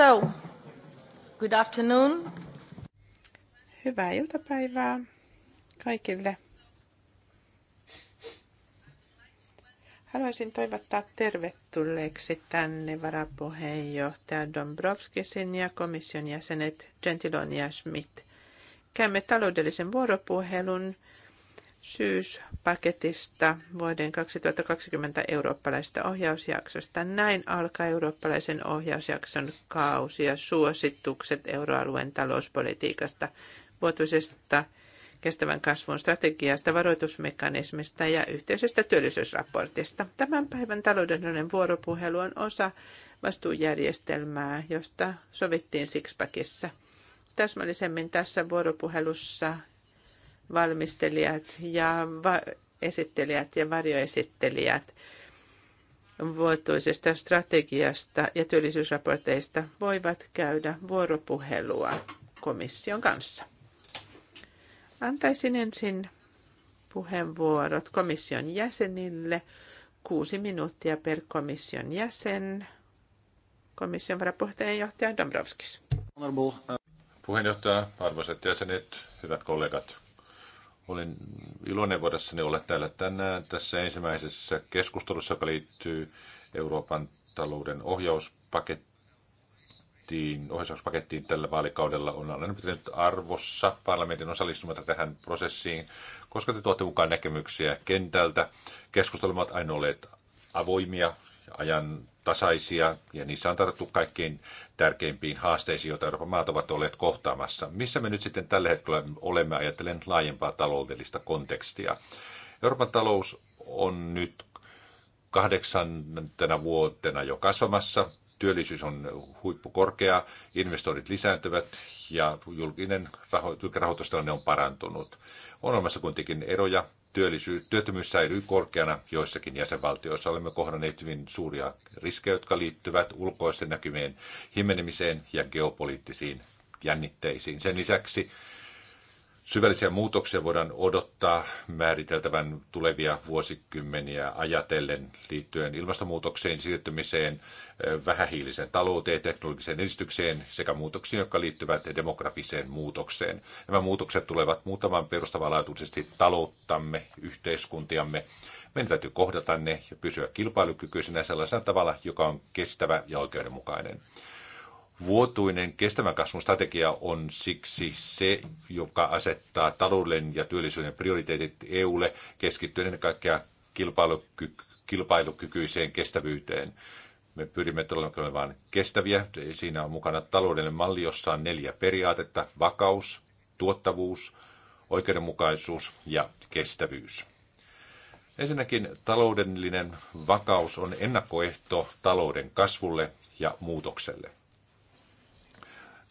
So, good afternoon. Hyvää iltapäivää kaikille. Haluaisin toivottaa tervetulleeksi tänne varapuheenjohtaja Dombrovskisin ja komission jäsenet Gentiloni ja Schmidt. Käymme taloudellisen vuoropuhelun syyspaketista vuoden 2020 eurooppalaisesta ohjausjaksosta. Näin alkaa eurooppalaisen ohjausjakson kausi ja suositukset euroalueen talouspolitiikasta, vuotuisesta kestävän kasvun strategiasta, varoitusmekanismista ja yhteisestä työllisyysraportista. Tämän päivän taloudellinen vuoropuhelu on osa vastuujärjestelmää, josta sovittiin Sixpackissa. Täsmällisemmin tässä vuoropuhelussa valmistelijat ja va- esittelijät ja varjoesittelijät vuotuisesta strategiasta ja työllisyysraporteista voivat käydä vuoropuhelua komission kanssa. Antaisin ensin puheenvuorot komission jäsenille. Kuusi minuuttia per komission jäsen. Komission varapuheenjohtaja Dombrovskis. Puheenjohtaja, arvoisat jäsenet, hyvät kollegat. Olen iloinen voidessani olla täällä tänään tässä ensimmäisessä keskustelussa, joka liittyy Euroopan talouden ohjauspakettiin. Ohjauspakettiin tällä vaalikaudella on aina pitänyt arvossa parlamentin osallistumatta tähän prosessiin, koska te tuotte mukaan näkemyksiä kentältä. Keskustelumat aina olleet avoimia ajan tasaisia ja niissä on tarttu kaikkein tärkeimpiin haasteisiin, joita Euroopan maat ovat olleet kohtaamassa. Missä me nyt sitten tällä hetkellä olemme, ajattelen laajempaa taloudellista kontekstia. Euroopan talous on nyt kahdeksantena vuotena jo kasvamassa, työllisyys on huippukorkea, investoinnit lisääntyvät ja julkinen rahoitustilanne on parantunut. On olemassa kuitenkin eroja työllisyys, työttömyys säilyy korkeana joissakin jäsenvaltioissa. Olemme kohdanneet hyvin suuria riskejä, jotka liittyvät ulkoisten näkymien himenemiseen ja geopoliittisiin jännitteisiin. Sen lisäksi Syvällisiä muutoksia voidaan odottaa määriteltävän tulevia vuosikymmeniä ajatellen liittyen ilmastonmuutokseen, siirtymiseen, vähähiiliseen talouteen, teknologiseen edistykseen sekä muutoksiin, jotka liittyvät demografiseen muutokseen. Nämä muutokset tulevat muutaman perustavanlaatuisesti talouttamme, yhteiskuntiamme. Meidän täytyy kohdata ne ja pysyä kilpailukykyisenä sellaisella tavalla, joka on kestävä ja oikeudenmukainen. Vuotuinen kestävän kasvun strategia on siksi se, joka asettaa talouden ja työllisyyden prioriteetit EUlle keskittyen ennen kaikkea kilpailukyky, kilpailukykyiseen kestävyyteen. Me pyrimme todellakin olemaan kestäviä. Siinä on mukana taloudellinen malli, jossa on neljä periaatetta. Vakaus, tuottavuus, oikeudenmukaisuus ja kestävyys. Ensinnäkin taloudellinen vakaus on ennakkoehto talouden kasvulle ja muutokselle.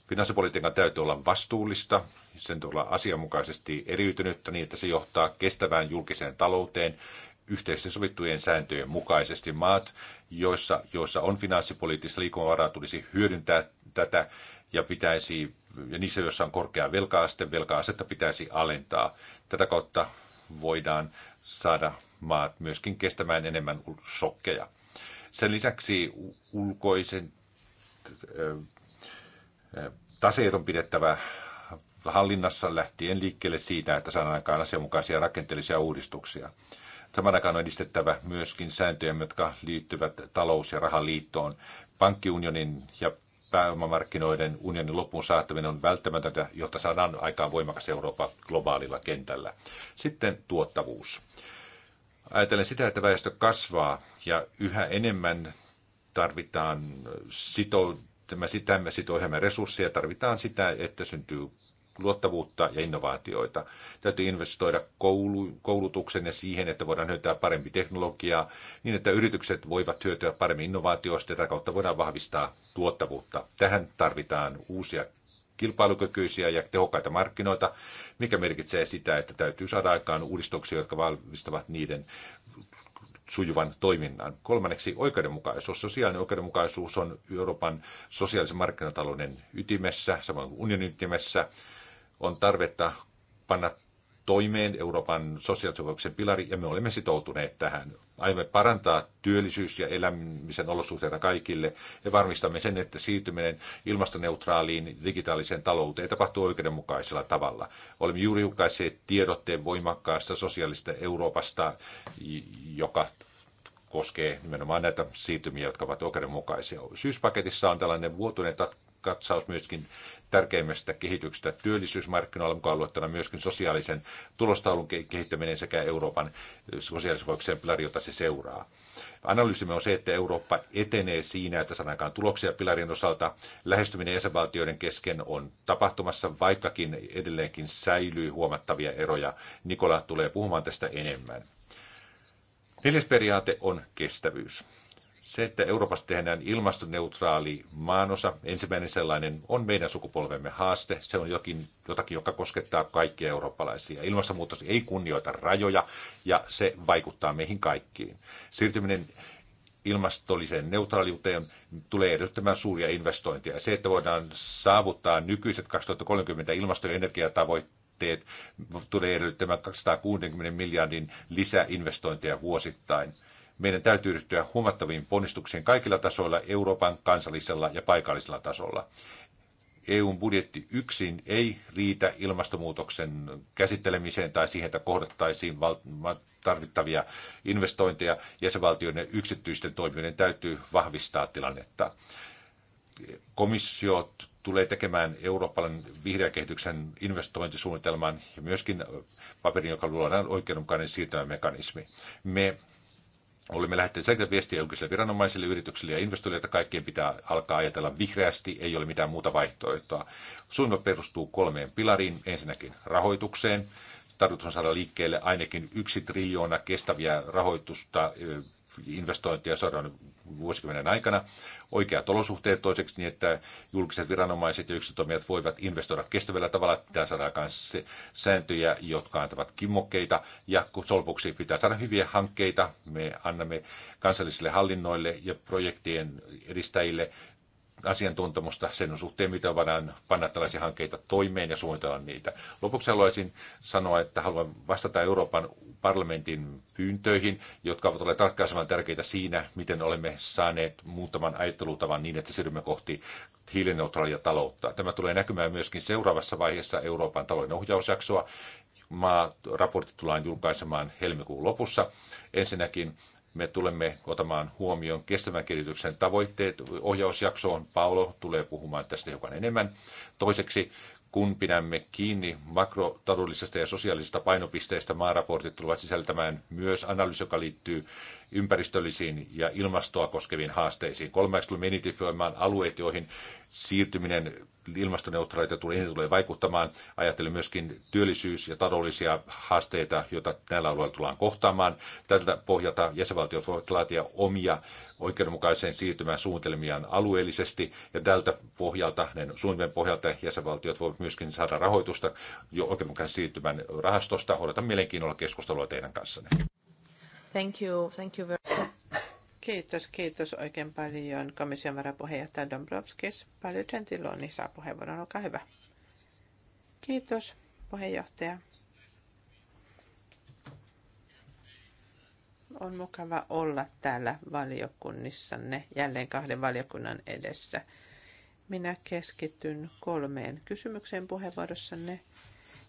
Finanssipolitiikan täytyy olla vastuullista, sen tulee olla asianmukaisesti eriytynyttä niin, että se johtaa kestävään julkiseen talouteen yhteisesti sovittujen sääntöjen mukaisesti. Maat, joissa, joissa on finanssipoliittista liikunvaraa, tulisi hyödyntää tätä ja pitäisi, ja niissä, joissa on korkea velka-aste, velka-asetta pitäisi alentaa. Tätä kautta voidaan saada maat myöskin kestämään enemmän shokkeja. Sen lisäksi ulkoisen Taseet on pidettävä hallinnassa lähtien liikkeelle siitä, että saadaan aikaan asianmukaisia rakenteellisia uudistuksia. Saman aikaan on edistettävä myöskin sääntöjä, jotka liittyvät talous- ja rahaliittoon. Pankkiunionin ja pääomamarkkinoiden unionin loppuun saattaminen on välttämätöntä, jotta saadaan aikaan voimakas Eurooppa globaalilla kentällä. Sitten tuottavuus. Ajatellen sitä, että väestö kasvaa ja yhä enemmän tarvitaan sito- tämä sitä, me sit ohjaamme resursseja, tarvitaan sitä, että syntyy luottavuutta ja innovaatioita. Täytyy investoida koulu, koulutuksen ja siihen, että voidaan hyötyä parempi teknologiaa, niin että yritykset voivat hyötyä paremmin innovaatioista ja tätä kautta voidaan vahvistaa tuottavuutta. Tähän tarvitaan uusia kilpailukykyisiä ja tehokkaita markkinoita, mikä merkitsee sitä, että täytyy saada aikaan uudistuksia, jotka valmistavat niiden sujuvan toiminnan. Kolmanneksi oikeudenmukaisuus. Sosiaalinen oikeudenmukaisuus on Euroopan sosiaalisen markkinatalouden ytimessä, samoin kuin unionin ytimessä. On tarvetta panna toimeen Euroopan sosiaalisen pilari, ja me olemme sitoutuneet tähän. Aiomme parantaa työllisyys- ja elämisen olosuhteita kaikille, ja varmistamme sen, että siirtyminen ilmastoneutraaliin digitaaliseen talouteen tapahtuu oikeudenmukaisella tavalla. Olemme juuri julkaisseet tiedotteen voimakkaasta sosiaalista Euroopasta, joka koskee nimenomaan näitä siirtymiä, jotka ovat oikeudenmukaisia. Syyspaketissa on tällainen vuotuinen katsaus myöskin tärkeimmästä kehityksestä työllisyysmarkkinoilla mukaan luettuna myöskin sosiaalisen tulostaulun kehittäminen sekä Euroopan sosiaalisen pilari, jota se seuraa. Analyysimme on se, että Eurooppa etenee siinä, että sanakaan tuloksia pilarin osalta. Lähestyminen jäsenvaltioiden kesken on tapahtumassa, vaikkakin edelleenkin säilyy huomattavia eroja. Nikola tulee puhumaan tästä enemmän. Neljäs periaate on kestävyys. Se, että Euroopasta tehdään ilmastoneutraali maanosa, ensimmäinen sellainen, on meidän sukupolvemme haaste. Se on jokin, jotakin, joka koskettaa kaikkia eurooppalaisia. Ilmastonmuutos ei kunnioita rajoja ja se vaikuttaa meihin kaikkiin. Siirtyminen ilmastolliseen neutraaliuteen tulee edellyttämään suuria investointeja. Se, että voidaan saavuttaa nykyiset 2030 ilmasto- ja energiatavoitteet, tulee edellyttämään 260 miljardin lisäinvestointeja vuosittain – meidän täytyy ryhtyä huomattaviin ponnistuksiin kaikilla tasoilla, Euroopan kansallisella ja paikallisella tasolla. EUn budjetti yksin ei riitä ilmastonmuutoksen käsittelemiseen tai siihen, että kohdattaisiin tarvittavia investointeja. Jäsenvaltioiden yksityisten toimijoiden täytyy vahvistaa tilannetta. Komissio tulee tekemään Euroopan vihreän kehityksen investointisuunnitelman ja myöskin paperin, joka luodaan oikeudenmukainen siirtymämekanismi. Me Olemme lähettäneet selkeä viestiä julkisille viranomaisille, yrityksille ja investoijille, että kaikkien pitää alkaa ajatella vihreästi, ei ole mitään muuta vaihtoehtoa. Suunnitelma perustuu kolmeen pilariin. Ensinnäkin rahoitukseen. Tarkoitus on saada liikkeelle ainakin yksi triljoona kestäviä rahoitusta investointeja seuraavan vuosikymmenen aikana. Oikeat olosuhteet toiseksi niin, että julkiset viranomaiset ja yksityistoimijat voivat investoida kestävällä tavalla. Pitää saada myös sääntöjä, jotka antavat kimmokkeita. Ja solpuksi pitää saada hyviä hankkeita. Me annamme kansallisille hallinnoille ja projektien edistäjille asiantuntemusta sen suhteen, mitä voidaan panna tällaisia hankkeita toimeen ja suunnitella niitä. Lopuksi haluaisin sanoa, että haluan vastata Euroopan parlamentin pyyntöihin, jotka ovat olleet ratkaisevan tärkeitä siinä, miten olemme saaneet muutaman ajattelutavan niin, että siirrymme kohti hiilineutraalia taloutta. Tämä tulee näkymään myöskin seuraavassa vaiheessa Euroopan talouden ohjausjaksoa. Maa raportti tullaan julkaisemaan helmikuun lopussa. Ensinnäkin me tulemme otamaan huomioon kestävän kehityksen tavoitteet. Ohjausjaksoon Paolo tulee puhumaan tästä hiukan enemmän. Toiseksi, kun pidämme kiinni makrotaloudellisesta ja sosiaalisesta painopisteestä, maaraportit tulevat sisältämään myös analyysi, joka liittyy ympäristöllisiin ja ilmastoa koskeviin haasteisiin. Kolmeksi tulemme identifioimaan alueet, joihin siirtyminen ilmastoneutraalita tulee eniten tulee vaikuttamaan. Ajattelen myöskin työllisyys- ja taloudellisia haasteita, joita tällä alueella tullaan kohtaamaan. Tältä pohjalta jäsenvaltiot voivat laatia omia oikeudenmukaiseen siirtymään suunnitelmiaan alueellisesti, ja tältä pohjalta, näiden suunnitelmien pohjalta jäsenvaltiot voivat myöskin saada rahoitusta jo oikeudenmukaisen siirtymän rahastosta. Odotan mielenkiinnolla keskustelua teidän kanssanne. Thank you, thank you very Kiitos, kiitos oikein paljon komission varapuheenjohtaja Dombrovskis. Paljon Gentiloni saa puheenvuoron, olkaa hyvä. Kiitos, puheenjohtaja. On mukava olla täällä valiokunnissanne jälleen kahden valiokunnan edessä. Minä keskityn kolmeen kysymykseen puheenvuorossanne.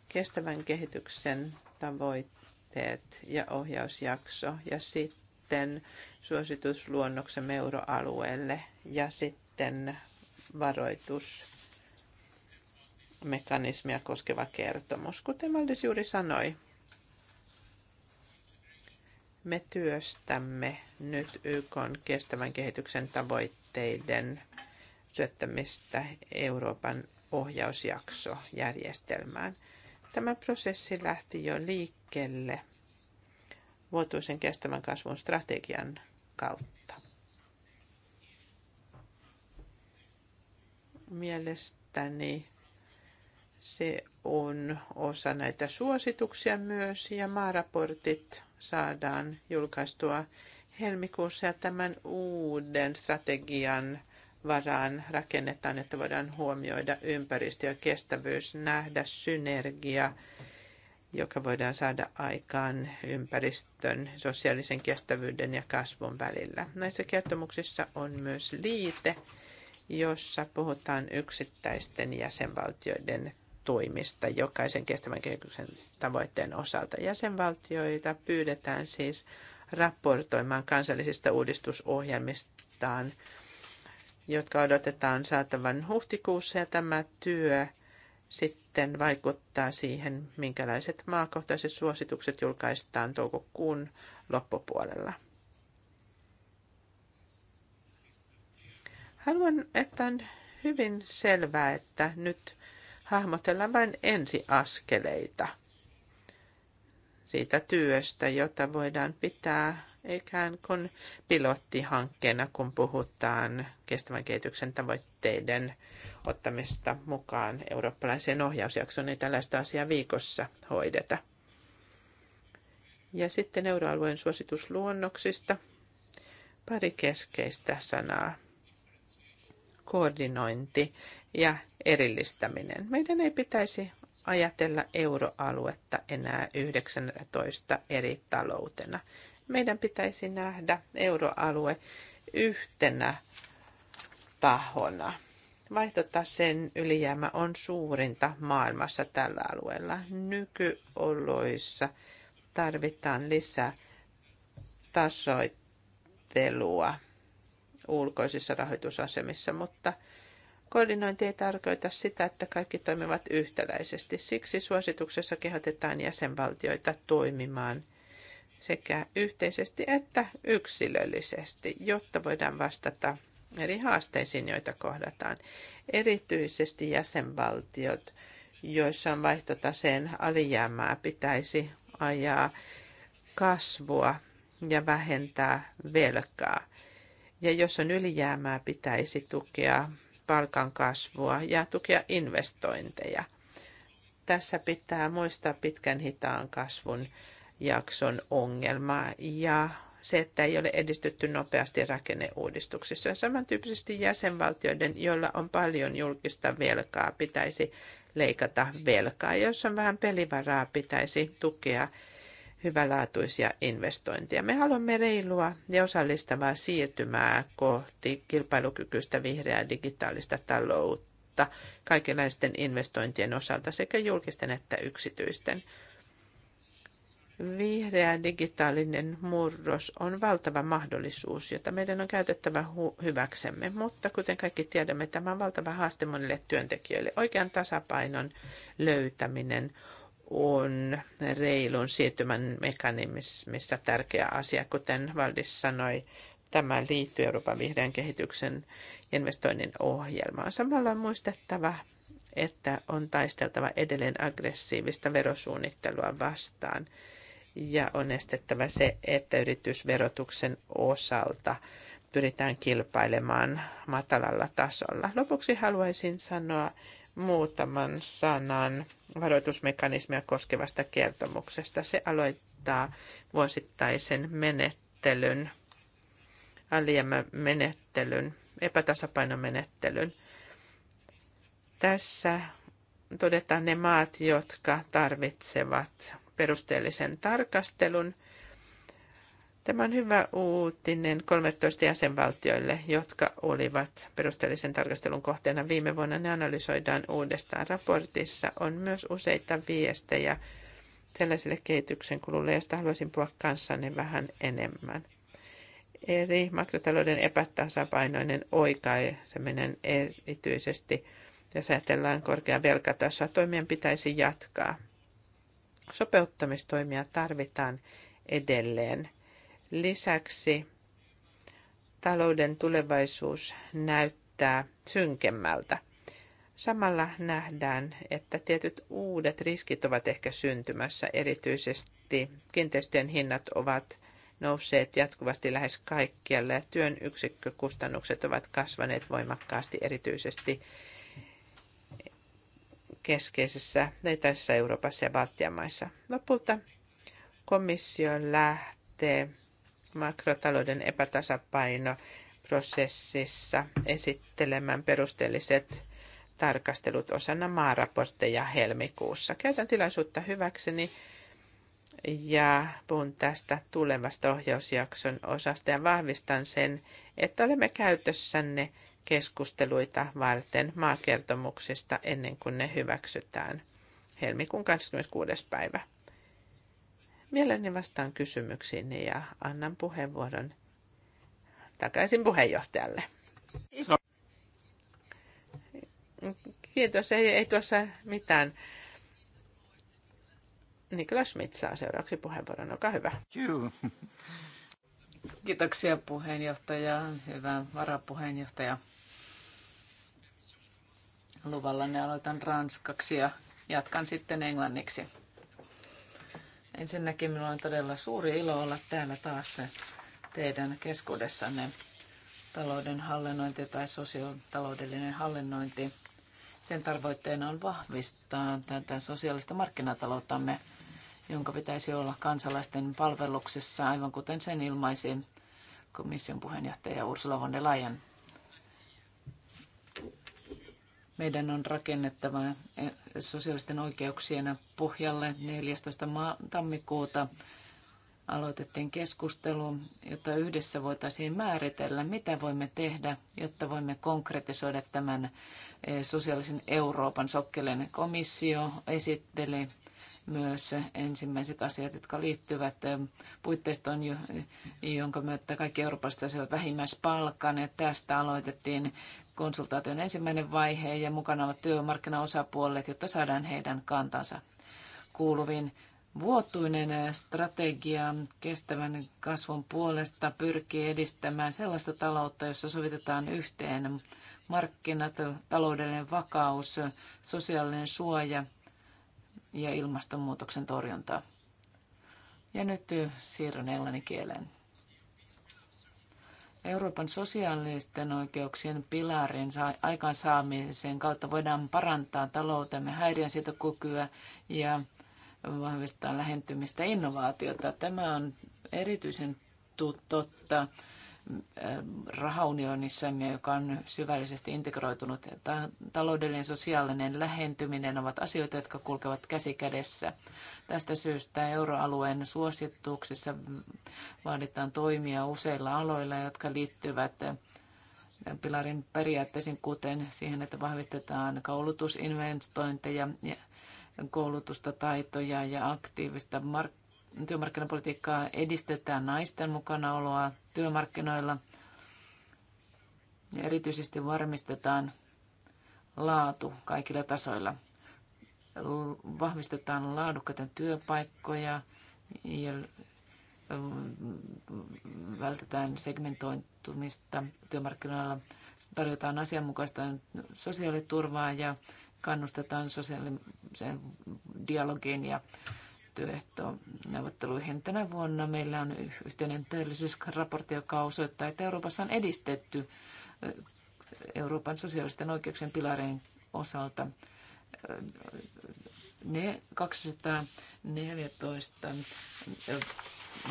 Kestävän kehityksen tavoitteet puitteet ja ohjausjakso ja sitten suositusluonnoksemme euroalueelle ja sitten varoitusmekanismia koskeva kertomus. Kuten Valdis juuri sanoi, me työstämme nyt YK kestävän kehityksen tavoitteiden syöttämistä Euroopan ohjausjaksojärjestelmään. Tämä prosessi lähti jo liikkeelle liikkeelle vuotuisen kestävän kasvun strategian kautta. Mielestäni se on osa näitä suosituksia myös ja maaraportit saadaan julkaistua helmikuussa ja tämän uuden strategian varaan rakennetaan, että voidaan huomioida ympäristö ja kestävyys, nähdä synergia joka voidaan saada aikaan ympäristön, sosiaalisen kestävyyden ja kasvun välillä. Näissä kertomuksissa on myös liite, jossa puhutaan yksittäisten jäsenvaltioiden toimista jokaisen kestävän kehityksen tavoitteen osalta. Jäsenvaltioita pyydetään siis raportoimaan kansallisista uudistusohjelmistaan, jotka odotetaan saatavan huhtikuussa, ja tämä työ sitten vaikuttaa siihen, minkälaiset maakohtaiset suositukset julkaistaan toukokuun loppupuolella. Haluan, että on hyvin selvää, että nyt hahmotellaan vain ensiaskeleita – siitä työstä, jota voidaan pitää ikään kuin pilottihankkeena, kun puhutaan kestävän kehityksen tavoitteiden ottamista mukaan eurooppalaiseen ohjausjaksoon, niin tällaista asiaa viikossa hoideta. Ja sitten euroalueen suositusluonnoksista pari keskeistä sanaa. Koordinointi ja erillistäminen. Meidän ei pitäisi ajatella euroaluetta enää 19 eri taloutena. Meidän pitäisi nähdä euroalue yhtenä tahona. Vaihtotaseen ylijäämä on suurinta maailmassa tällä alueella. Nykyoloissa tarvitaan lisää tasoittelua ulkoisissa rahoitusasemissa, mutta – Koordinointi ei tarkoita sitä, että kaikki toimivat yhtäläisesti. Siksi suosituksessa kehotetaan jäsenvaltioita toimimaan sekä yhteisesti että yksilöllisesti, jotta voidaan vastata eri haasteisiin, joita kohdataan. Erityisesti jäsenvaltiot, joissa on vaihtotaseen alijäämää, pitäisi ajaa kasvua ja vähentää velkaa. Ja jos on ylijäämää, pitäisi tukea palkan kasvua ja tukea investointeja. Tässä pitää muistaa pitkän hitaan kasvun jakson ongelma ja se, että ei ole edistytty nopeasti rakenneuudistuksissa. Samantyyppisesti jäsenvaltioiden, joilla on paljon julkista velkaa, pitäisi leikata velkaa. Jos on vähän pelivaraa, pitäisi tukea hyvälaatuisia investointeja. Me haluamme reilua ja osallistavaa siirtymää kohti kilpailukykyistä vihreää digitaalista taloutta kaikenlaisten investointien osalta sekä julkisten että yksityisten. Vihreä digitaalinen murros on valtava mahdollisuus, jota meidän on käytettävä hyväksemme, mutta kuten kaikki tiedämme, tämä on valtava haaste monille työntekijöille. Oikean tasapainon löytäminen on reilun siirtymän mekanismissa tärkeä asia, kuten Valdis sanoi. Tämä liittyy Euroopan vihreän kehityksen investoinnin ohjelmaan. Samalla on muistettava, että on taisteltava edelleen aggressiivista verosuunnittelua vastaan ja on estettävä se, että yritysverotuksen osalta pyritään kilpailemaan matalalla tasolla. Lopuksi haluaisin sanoa, muutaman sanan varoitusmekanismia koskevasta kertomuksesta. Se aloittaa vuosittaisen menettelyn, alijäämämenettelyn, epätasapainomenettelyn. Tässä todetaan ne maat, jotka tarvitsevat perusteellisen tarkastelun – Tämä on hyvä uutinen 13 jäsenvaltioille, jotka olivat perusteellisen tarkastelun kohteena viime vuonna. Ne analysoidaan uudestaan. Raportissa on myös useita viestejä sellaisille kehityksen kululle, josta haluaisin puhua kanssanne vähän enemmän. Eri makrotalouden epätasapainoinen oikaiseminen erityisesti, jos ajatellaan korkea velkatasoa, toimien pitäisi jatkaa. Sopeuttamistoimia tarvitaan edelleen Lisäksi talouden tulevaisuus näyttää synkemmältä. Samalla nähdään, että tietyt uudet riskit ovat ehkä syntymässä, erityisesti kiinteistöjen hinnat ovat nousseet jatkuvasti lähes kaikkialla ja työn yksikkökustannukset ovat kasvaneet voimakkaasti erityisesti keskeisessä etäisessä Euroopassa ja Baltian maissa. Lopulta komissio lähtee makrotalouden epätasapaino prosessissa esittelemään perusteelliset tarkastelut osana maaraportteja helmikuussa. Käytän tilaisuutta hyväkseni ja puhun tästä tulevasta ohjausjakson osasta ja vahvistan sen, että olemme käytössänne keskusteluita varten maakertomuksista ennen kuin ne hyväksytään helmikuun 26. päivä. Mielelläni vastaan kysymyksiin ja annan puheenvuoron takaisin puheenjohtajalle. Kiitos, ei, ei tuossa mitään. Niklas Schmidt saa seuraavaksi puheenvuoron. Olkaa hyvä. Kiitoksia puheenjohtaja, hyvä varapuheenjohtaja. Luvallanne aloitan ranskaksi ja jatkan sitten englanniksi. Ensinnäkin minulla on todella suuri ilo olla täällä taas teidän keskuudessanne talouden hallinnointi tai sosiaalitaloudellinen hallinnointi. Sen tavoitteena on vahvistaa tätä sosiaalista markkinatalouttamme, jonka pitäisi olla kansalaisten palveluksessa, aivan kuten sen ilmaisi komission puheenjohtaja Ursula von der Leyen. Meidän on rakennettava eh, sosiaalisten oikeuksien pohjalle 14. tammikuuta aloitettiin keskustelu, jotta yhdessä voitaisiin määritellä, mitä voimme tehdä, jotta voimme konkretisoida tämän eh, sosiaalisen Euroopan sokkelen. Komissio esitteli myös ensimmäiset asiat, jotka liittyvät eh, puitteistoon, jonka myötä kaikki Euroopasta se vähimmäispalkan. Ja tästä aloitettiin konsultaation ensimmäinen vaihe ja mukana ovat työmarkkinaosapuolet, jotta saadaan heidän kantansa kuuluviin. Vuotuinen strategia kestävän kasvun puolesta pyrkii edistämään sellaista taloutta, jossa sovitetaan yhteen markkinat, taloudellinen vakaus, sosiaalinen suoja ja ilmastonmuutoksen torjunta. Ja nyt siirryn englannin kieleen. Euroopan sosiaalisten oikeuksien pilarin aikaansaamisen kautta voidaan parantaa taloutemme häiriönsietokykyä ja vahvistaa lähentymistä innovaatiota. Tämä on erityisen totta rahaunionissamme, joka on syvällisesti integroitunut. Taloudellinen ja sosiaalinen lähentyminen ovat asioita, jotka kulkevat käsi kädessä. Tästä syystä euroalueen suosituksissa vaaditaan toimia useilla aloilla, jotka liittyvät pilarin periaatteisiin, kuten siihen, että vahvistetaan koulutusinvestointeja, koulutusta, taitoja ja aktiivista mark- työmarkkinapolitiikkaa edistetään naisten mukanaoloa työmarkkinoilla ja erityisesti varmistetaan laatu kaikilla tasoilla. Vahvistetaan laadukkaita työpaikkoja ja mm, vältetään segmentoitumista työmarkkinoilla, tarjotaan asianmukaista sosiaaliturvaa ja kannustetaan sosiaaliseen dialogiin ja neuvotteluihin. Tänä vuonna meillä on yhteinen työllisyysraportti, joka osoittaa, että Euroopassa on edistetty Euroopan sosiaalisten oikeuksien pilarien osalta ne 214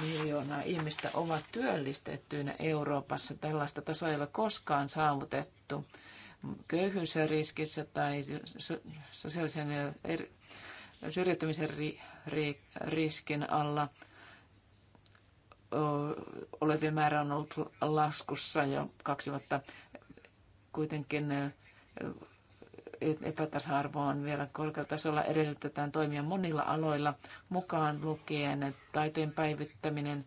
miljoonaa ihmistä ovat työllistettyinä Euroopassa. Tällaista tasoa ei ole koskaan saavutettu. Köyhyysriskissä tai sosiaalisen er, syrjäytymisen riskin alla olevien määrä on ollut laskussa jo kaksi vuotta. Kuitenkin epätasa-arvo on vielä korkealla tasolla. Edellytetään toimia monilla aloilla, mukaan lukien taitojen päivittäminen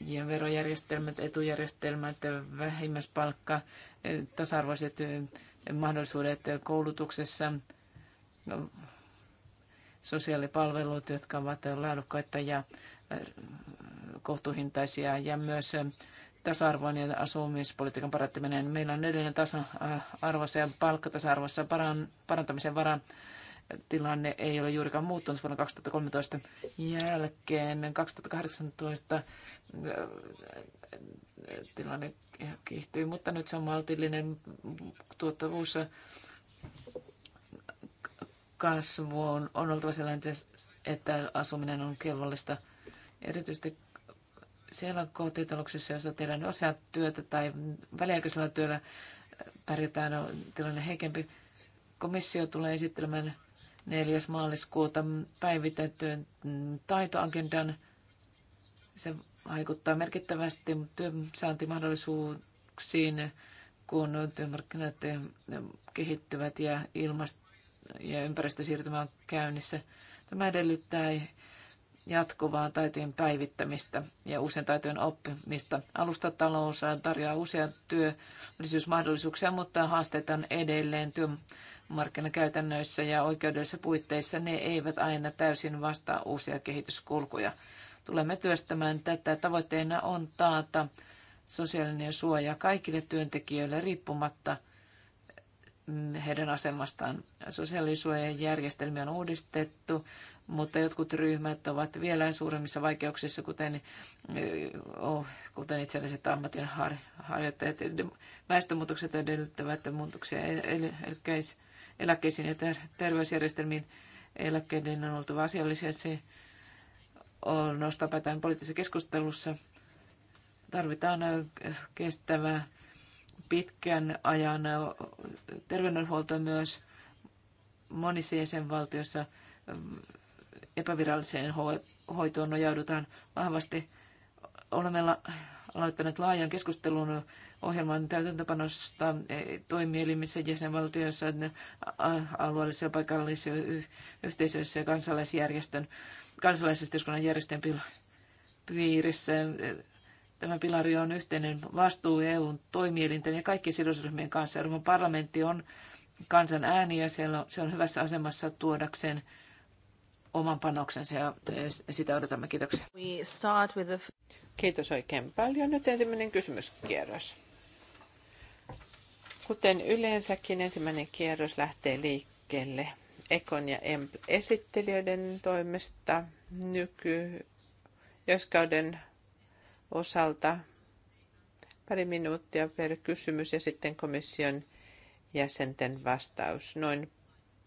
ja verojärjestelmät, etujärjestelmät, vähimmäispalkka, tasa-arvoiset mahdollisuudet koulutuksessa, sosiaalipalveluita, jotka ovat laadukkaita ja äh, kohtuuhintaisia ja myös äh, tasa-arvoinen ja asumispolitiikan parantaminen. Meillä on edelleen tasa-arvossa ja palkkatasa arvoisen parantamisen varan tilanne ei ole juurikaan muuttunut vuonna 2013 jälkeen. 2018 äh, tilanne kiihtyi, mutta nyt se on maltillinen tuottavuus kasvuun on oltava sellainen, että asuminen on kelvollista. Erityisesti siellä kotitalouksissa, joissa tehdään osa työtä tai väliaikaisella työllä pärjätään, on tilanne heikempi. Komissio tulee esittelemään 4. maaliskuuta päivitettyyn taitoagendan. Se vaikuttaa merkittävästi työsaantimahdollisuuksiin, kun työmarkkinat kehittyvät ja ilmasto ja ympäristösiirtymä on käynnissä. Tämä edellyttää jatkuvaa taitojen päivittämistä ja uusien taitojen oppimista. Alustatalous tarjoaa uusia työllisyysmahdollisuuksia, mutta haasteita on edelleen työmarkkinakäytännöissä ja oikeudellisissa puitteissa. Ne eivät aina täysin vastaa uusia kehityskulkuja. Tulemme työstämään tätä. Tavoitteena on taata sosiaalinen suoja kaikille työntekijöille riippumatta – heidän asemastaan. järjestelmiä on uudistettu, mutta jotkut ryhmät ovat vielä suuremmissa vaikeuksissa, kuten, oh, kuten itselliset ammatinharjoittajat. Väestömuutokset edellyttävät muutoksia eläkkeisiin ja ter- terveysjärjestelmiin. Eläkkeiden on oltava asiallisia. Se on nostapäätään poliittisessa keskustelussa. Tarvitaan kestävää pitkän ajan terveydenhuolto myös monissa jäsenvaltioissa mm, epäviralliseen hoitoon nojaudutaan vahvasti. Olemme aloittaneet laajan keskustelun ohjelman täytäntöpanosta e, toimielimissä jäsenvaltioissa, alueellisissa ja paikallisissa yhteisöissä ja kansalaisjärjestön, kansalaisyhteiskunnan järjestön piirissä Tämä pilari on yhteinen vastuu EUn toimielinten ja kaikkien sidosryhmien kanssa. Euroopan parlamentti on kansan ääni ja se on hyvässä asemassa tuodakseen oman panoksensa ja sitä odotamme. Kiitoksia. We start with the... Kiitos oikein paljon. Nyt ensimmäinen kysymyskierros. Kuten yleensäkin ensimmäinen kierros lähtee liikkeelle Ekon ja Empl esittelijöiden toimesta nyky jos kauden osalta pari minuuttia per kysymys ja sitten komission jäsenten vastaus, noin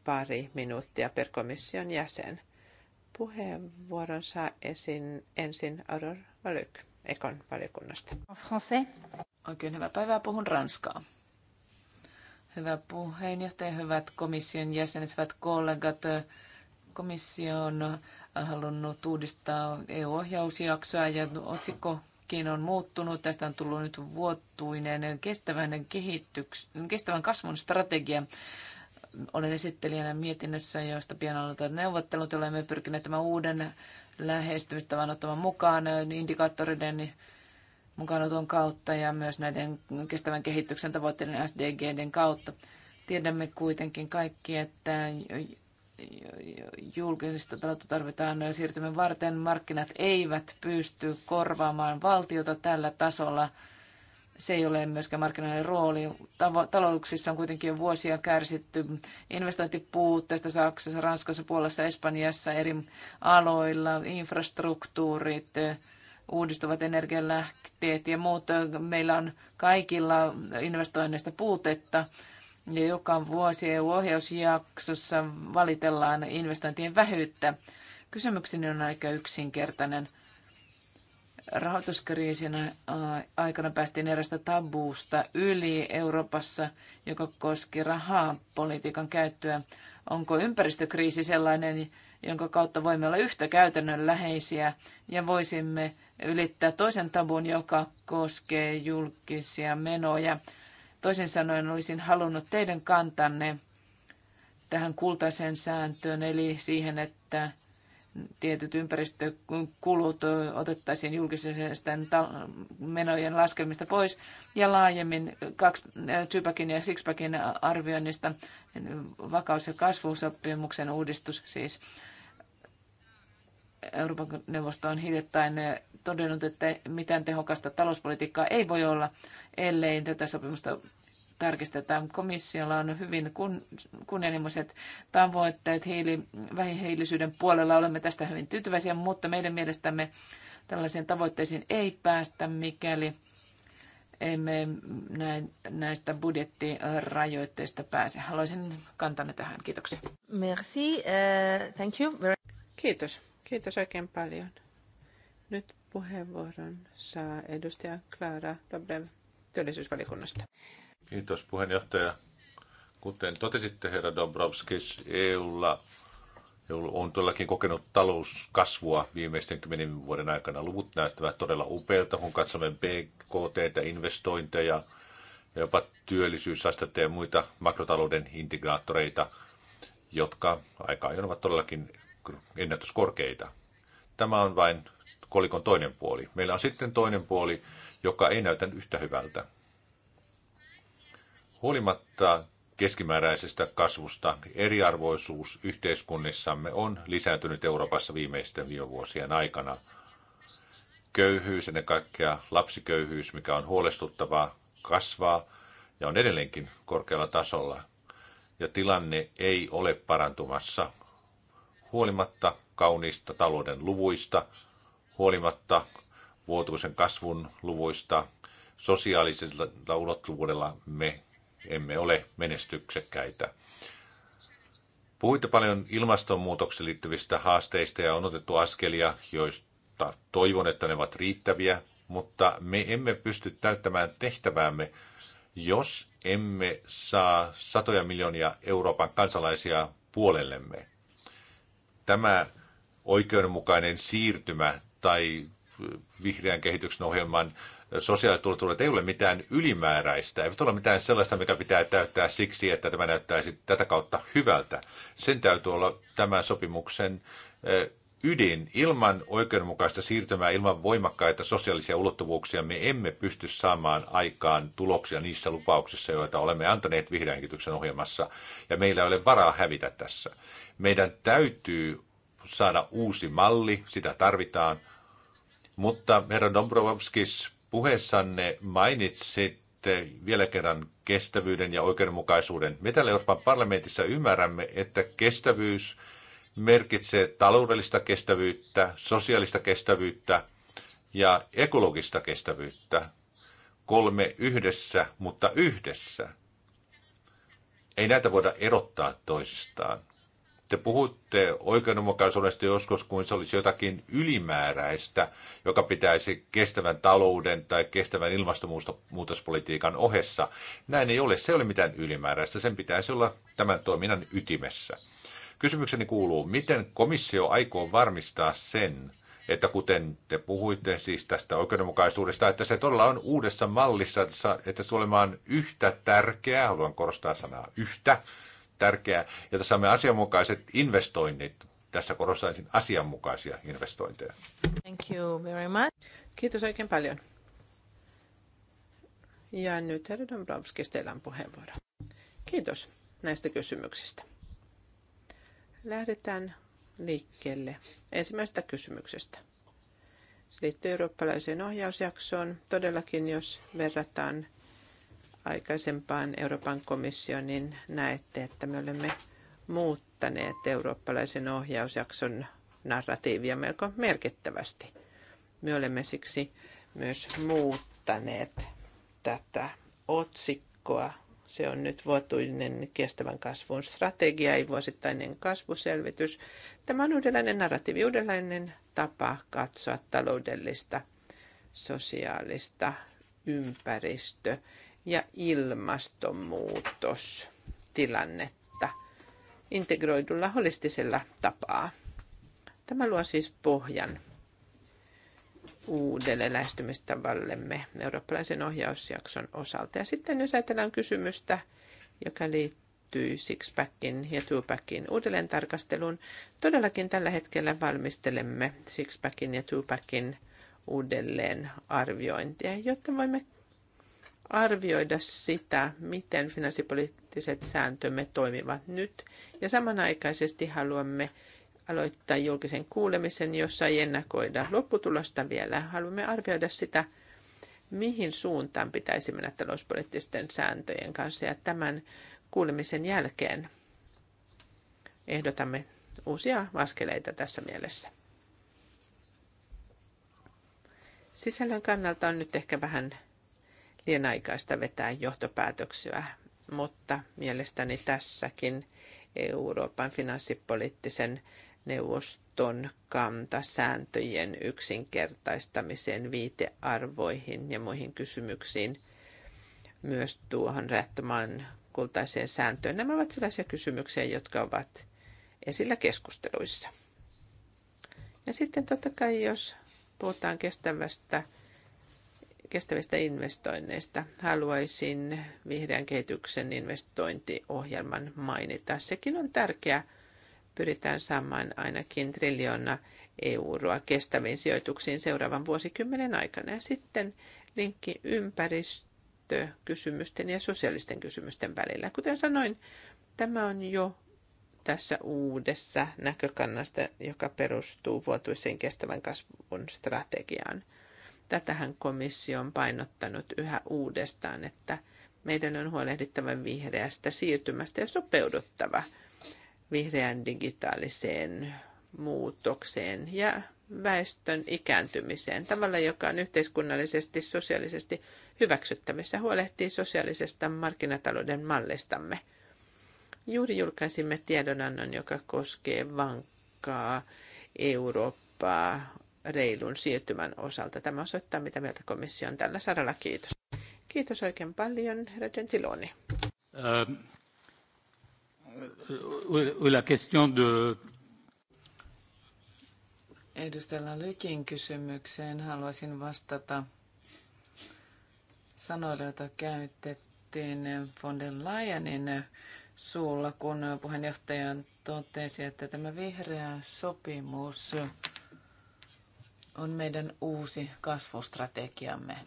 pari minuuttia per komission jäsen. Puheenvuoron saa esiin, ensin Aurora Valyk, Ekon valiokunnasta. Oikein hyvää päivää, puhun ranskaa. Hyvä puheenjohtaja, hyvät komission jäsenet, hyvät kollegat. Komissio on halunnut uudistaa EU-ohjausjaksoa ja otsikko Kin on muuttunut. Tästä on tullut nyt vuotuinen kestävän, kehityks- kestävän kasvun strategia. Olen esittelijänä mietinnössä, josta pian aloitan neuvottelut, olemme pyrkineet tämän uuden lähestymistavan ottamaan mukaan indikaattoreiden mukaanoton kautta ja myös näiden kestävän kehityksen tavoitteiden SDGden kautta. Tiedämme kuitenkin kaikki, että julkisista taloutta tarvitaan siirtymän varten. Markkinat eivät pysty korvaamaan valtiota tällä tasolla. Se ei ole myöskään markkinoiden rooli. Talouksissa on kuitenkin vuosia kärsitty investointipuutteesta Saksassa, Ranskassa, Puolassa, Espanjassa eri aloilla, infrastruktuurit, uudistuvat energialähteet ja muut. Meillä on kaikilla investoinneista puutetta ja joka vuosi EU-ohjausjaksossa valitellaan investointien vähyyttä. Kysymykseni on aika yksinkertainen. Rahoituskriisin aikana päästiin erästä tabuusta yli Euroopassa, joka koski rahaa politiikan käyttöä. Onko ympäristökriisi sellainen, jonka kautta voimme olla yhtä käytännönläheisiä ja voisimme ylittää toisen tabun, joka koskee julkisia menoja? Toisin sanoen olisin halunnut teidän kantanne tähän kultaiseen sääntöön, eli siihen, että tietyt ympäristökulut otettaisiin julkisesta menojen laskelmista pois ja laajemmin Tsypäkin äh, ja Sixpäkin arvioinnista vakaus- ja kasvusopimuksen uudistus siis. Euroopan neuvosto on hiljattain todennut, että mitään tehokasta talouspolitiikkaa ei voi olla ellei tätä sopimusta tarkistetaan. Komissiolla on hyvin kun, kunnianhimoiset tavoitteet hiili, vähihiilisyyden puolella. Olemme tästä hyvin tyytyväisiä, mutta meidän mielestämme tällaisiin tavoitteisiin ei päästä, mikäli emme näin, näistä budjettirajoitteista pääse. Haluaisin kantaa tähän. Kiitoksia. Merci. Uh, thank you. Very... Kiitos. Kiitos oikein paljon. Nyt puheenvuoron saa edustaja Klara Dobrev työllisyysvalikunnasta. Kiitos puheenjohtaja. Kuten totesitte, herra Dombrovskis, EUlla on todellakin kokenut talouskasvua viimeisten kymmenen vuoden aikana. Luvut näyttävät todella upeilta, kun katsomme BKT, investointeja, ja jopa työllisyysastetta ja muita makrotalouden integraattoreita, jotka aika ajoin ovat todellakin ennätyskorkeita. Tämä on vain kolikon toinen puoli. Meillä on sitten toinen puoli, joka ei näytä yhtä hyvältä. Huolimatta keskimääräisestä kasvusta eriarvoisuus yhteiskunnissamme on lisääntynyt Euroopassa viimeisten vuosien aikana. Köyhyys, ennen kaikkea lapsiköyhyys, mikä on huolestuttavaa, kasvaa ja on edelleenkin korkealla tasolla. Ja tilanne ei ole parantumassa huolimatta kauniista talouden luvuista, huolimatta vuotuisen kasvun luvuista. Sosiaalisella ulottuvuudella me emme ole menestyksekkäitä. Puhuitte paljon ilmastonmuutokseen liittyvistä haasteista ja on otettu askelia, joista toivon, että ne ovat riittäviä, mutta me emme pysty täyttämään tehtäväämme, jos emme saa satoja miljoonia Euroopan kansalaisia puolellemme. Tämä oikeudenmukainen siirtymä tai vihreän kehityksen ohjelman sosiaaliturvatulot ei ole mitään ylimääräistä, ei ole mitään sellaista, mikä pitää täyttää siksi, että tämä näyttäisi tätä kautta hyvältä. Sen täytyy olla tämän sopimuksen eh, ydin. Ilman oikeudenmukaista siirtymää, ilman voimakkaita sosiaalisia ulottuvuuksia me emme pysty saamaan aikaan tuloksia niissä lupauksissa, joita olemme antaneet vihreän kehityksen ohjelmassa, ja meillä ei ole varaa hävitä tässä. Meidän täytyy saada uusi malli, sitä tarvitaan, mutta herra Dombrovskis, puheessanne mainitsitte vielä kerran kestävyyden ja oikeudenmukaisuuden. Me täällä Euroopan parlamentissa ymmärrämme, että kestävyys merkitsee taloudellista kestävyyttä, sosiaalista kestävyyttä ja ekologista kestävyyttä. Kolme yhdessä, mutta yhdessä. Ei näitä voida erottaa toisistaan. Te puhutte oikeudenmukaisuudesta joskus kuin se olisi jotakin ylimääräistä, joka pitäisi kestävän talouden tai kestävän ilmastonmuutospolitiikan ohessa. Näin ei ole, se ei ole mitään ylimääräistä, sen pitäisi olla tämän toiminnan ytimessä. Kysymykseni kuuluu, miten komissio aikoo varmistaa sen, että kuten te puhuitte siis tästä oikeudenmukaisuudesta, että se todella on uudessa mallissa, että se tulee olemaan yhtä tärkeää, haluan korostaa sanaa yhtä, tärkeää, Ja tässä me asianmukaiset investoinnit. Tässä korostaisin asianmukaisia investointeja. Thank you very much. Kiitos oikein paljon. Ja nyt herra Dombrovski, teillä on puheenvuoro. Kiitos näistä kysymyksistä. Lähdetään liikkeelle ensimmäisestä kysymyksestä. Se liittyy eurooppalaiseen ohjausjaksoon. Todellakin, jos verrataan aikaisempaan Euroopan komissioon, niin näette, että me olemme muuttaneet eurooppalaisen ohjausjakson narratiivia melko merkittävästi. Me olemme siksi myös muuttaneet tätä otsikkoa. Se on nyt vuotuinen kestävän kasvun strategia ei vuosittainen kasvuselvitys. Tämä on uudenlainen narratiivi, uudenlainen tapa katsoa taloudellista, sosiaalista, ympäristö- ja ilmastonmuutostilannetta integroidulla holistisella tapaa. Tämä luo siis pohjan uudelle lähestymistavallemme eurooppalaisen ohjausjakson osalta. Ja sitten jos ajatellaan kysymystä, joka liittyy Sixpackin ja Twopackin uudelleen tarkasteluun, todellakin tällä hetkellä valmistelemme Sixpackin ja Twopackin uudelleen arviointia, jotta voimme arvioida sitä, miten finanssipoliittiset sääntömme toimivat nyt. Ja samanaikaisesti haluamme aloittaa julkisen kuulemisen, jossa ei ennakoida lopputulosta vielä. Haluamme arvioida sitä, mihin suuntaan pitäisi mennä talouspoliittisten sääntöjen kanssa. Ja tämän kuulemisen jälkeen ehdotamme uusia askeleita tässä mielessä. Sisällön kannalta on nyt ehkä vähän liian aikaista vetää johtopäätöksiä, mutta mielestäni tässäkin Euroopan finanssipoliittisen neuvoston kanta sääntöjen yksinkertaistamiseen, viitearvoihin ja muihin kysymyksiin myös tuohon rättömaan kultaiseen sääntöön. Nämä ovat sellaisia kysymyksiä, jotka ovat esillä keskusteluissa. Ja sitten totta kai, jos puhutaan kestävästä kestävistä investoinneista haluaisin vihreän kehityksen investointiohjelman mainita. Sekin on tärkeä. Pyritään saamaan ainakin triljoona euroa kestäviin sijoituksiin seuraavan vuosikymmenen aikana. Ja sitten linkki ympäristökysymysten ja sosiaalisten kysymysten välillä. Kuten sanoin, tämä on jo tässä uudessa näkökannasta, joka perustuu vuotuiseen kestävän kasvun strategiaan – Tätähän komissio on painottanut yhä uudestaan, että meidän on huolehdittava vihreästä siirtymästä ja sopeuduttava vihreän digitaaliseen muutokseen ja väestön ikääntymiseen tavalla, joka on yhteiskunnallisesti, sosiaalisesti hyväksyttävissä, huolehtii sosiaalisesta markkinatalouden mallistamme. Juuri julkaisimme tiedonannon, joka koskee vankkaa Eurooppaa reilun siirtymän osalta. Tämä osoittaa, mitä mieltä komissio on tällä saralla. Kiitos. Kiitos oikein paljon, herra Gentiloni. Ähm, euh, la question de... Edustella Lykin kysymykseen haluaisin vastata sanoille, joita käytettiin von der Leyenin suulla, kun puheenjohtaja totesi, että tämä vihreä sopimus on meidän uusi kasvustrategiamme.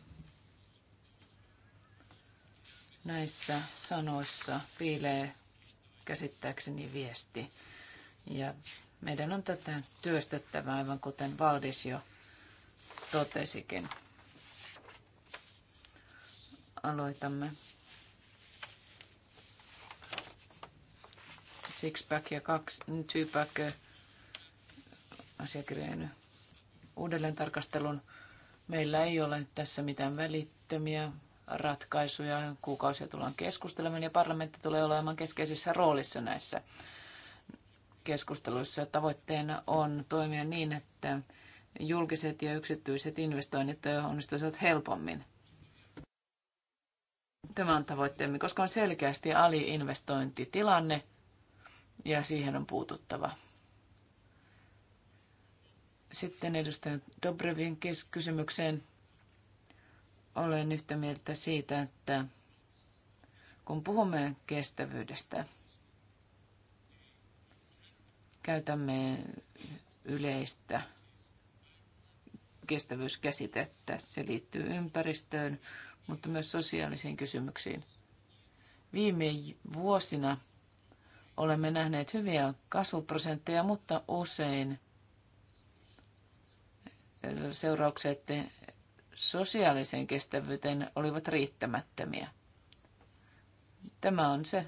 Näissä sanoissa piilee käsittääkseni viesti. Ja meidän on tätä työstettävä, aivan kuten Valdis jo totesikin. Aloitamme Sixpack ja kaksi, Twopack asiakirjojen uudelleen tarkastelun. Meillä ei ole tässä mitään välittömiä ratkaisuja. Kuukausia tullaan keskustelemaan ja parlamentti tulee olemaan keskeisessä roolissa näissä keskusteluissa. Tavoitteena on toimia niin, että julkiset ja yksityiset investoinnit onnistuisivat helpommin. Tämä on tavoitteemme, koska on selkeästi aliinvestointitilanne ja siihen on puututtava. Sitten edustaja Dobrevin kysymykseen. Olen yhtä mieltä siitä, että kun puhumme kestävyydestä, käytämme yleistä kestävyyskäsitettä. Se liittyy ympäristöön, mutta myös sosiaalisiin kysymyksiin. Viime vuosina olemme nähneet hyviä kasvuprosentteja, mutta usein seuraukset sosiaalisen kestävyyteen olivat riittämättömiä. Tämä on se,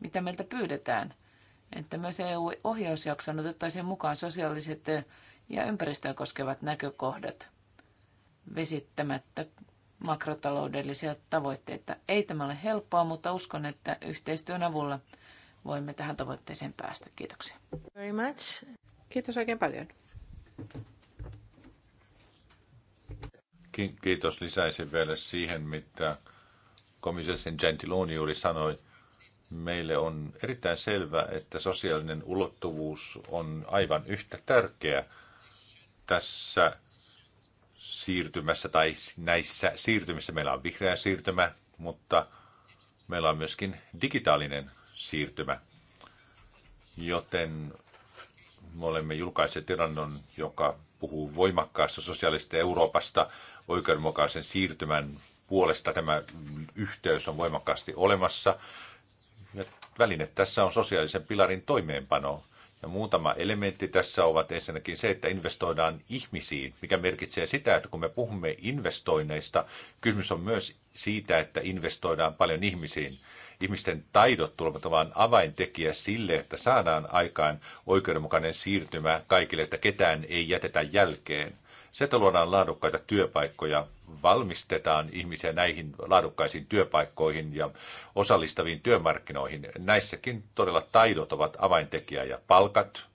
mitä meiltä pyydetään, että myös EU-ohjausjakson otettaisiin mukaan sosiaaliset ja ympäristöä koskevat näkökohdat vesittämättä makrotaloudellisia tavoitteita. Ei tämä ole helppoa, mutta uskon, että yhteistyön avulla voimme tähän tavoitteeseen päästä. Kiitoksia. Very much. Kiitos oikein paljon. Kiitos. Lisäisin vielä siihen, mitä komission Gentiloni juuri sanoi. Meille on erittäin selvää, että sosiaalinen ulottuvuus on aivan yhtä tärkeä tässä siirtymässä tai näissä siirtymissä. Meillä on vihreä siirtymä, mutta meillä on myöskin digitaalinen siirtymä. Joten me olemme julkaisseet tiedonnon, joka puhuu voimakkaasta sosiaalista Euroopasta, oikeudenmukaisen siirtymän puolesta tämä yhteys on voimakkaasti olemassa. Ja väline tässä on sosiaalisen pilarin toimeenpano. Ja muutama elementti tässä ovat ensinnäkin se, että investoidaan ihmisiin, mikä merkitsee sitä, että kun me puhumme investoinneista, kysymys on myös siitä, että investoidaan paljon ihmisiin. Ihmisten taidot tulevat vain avaintekijä sille, että saadaan aikaan oikeudenmukainen siirtymä kaikille, että ketään ei jätetä jälkeen. Se, että luodaan laadukkaita työpaikkoja, valmistetaan ihmisiä näihin laadukkaisiin työpaikkoihin ja osallistaviin työmarkkinoihin. Näissäkin todella taidot ovat avaintekijä ja palkat.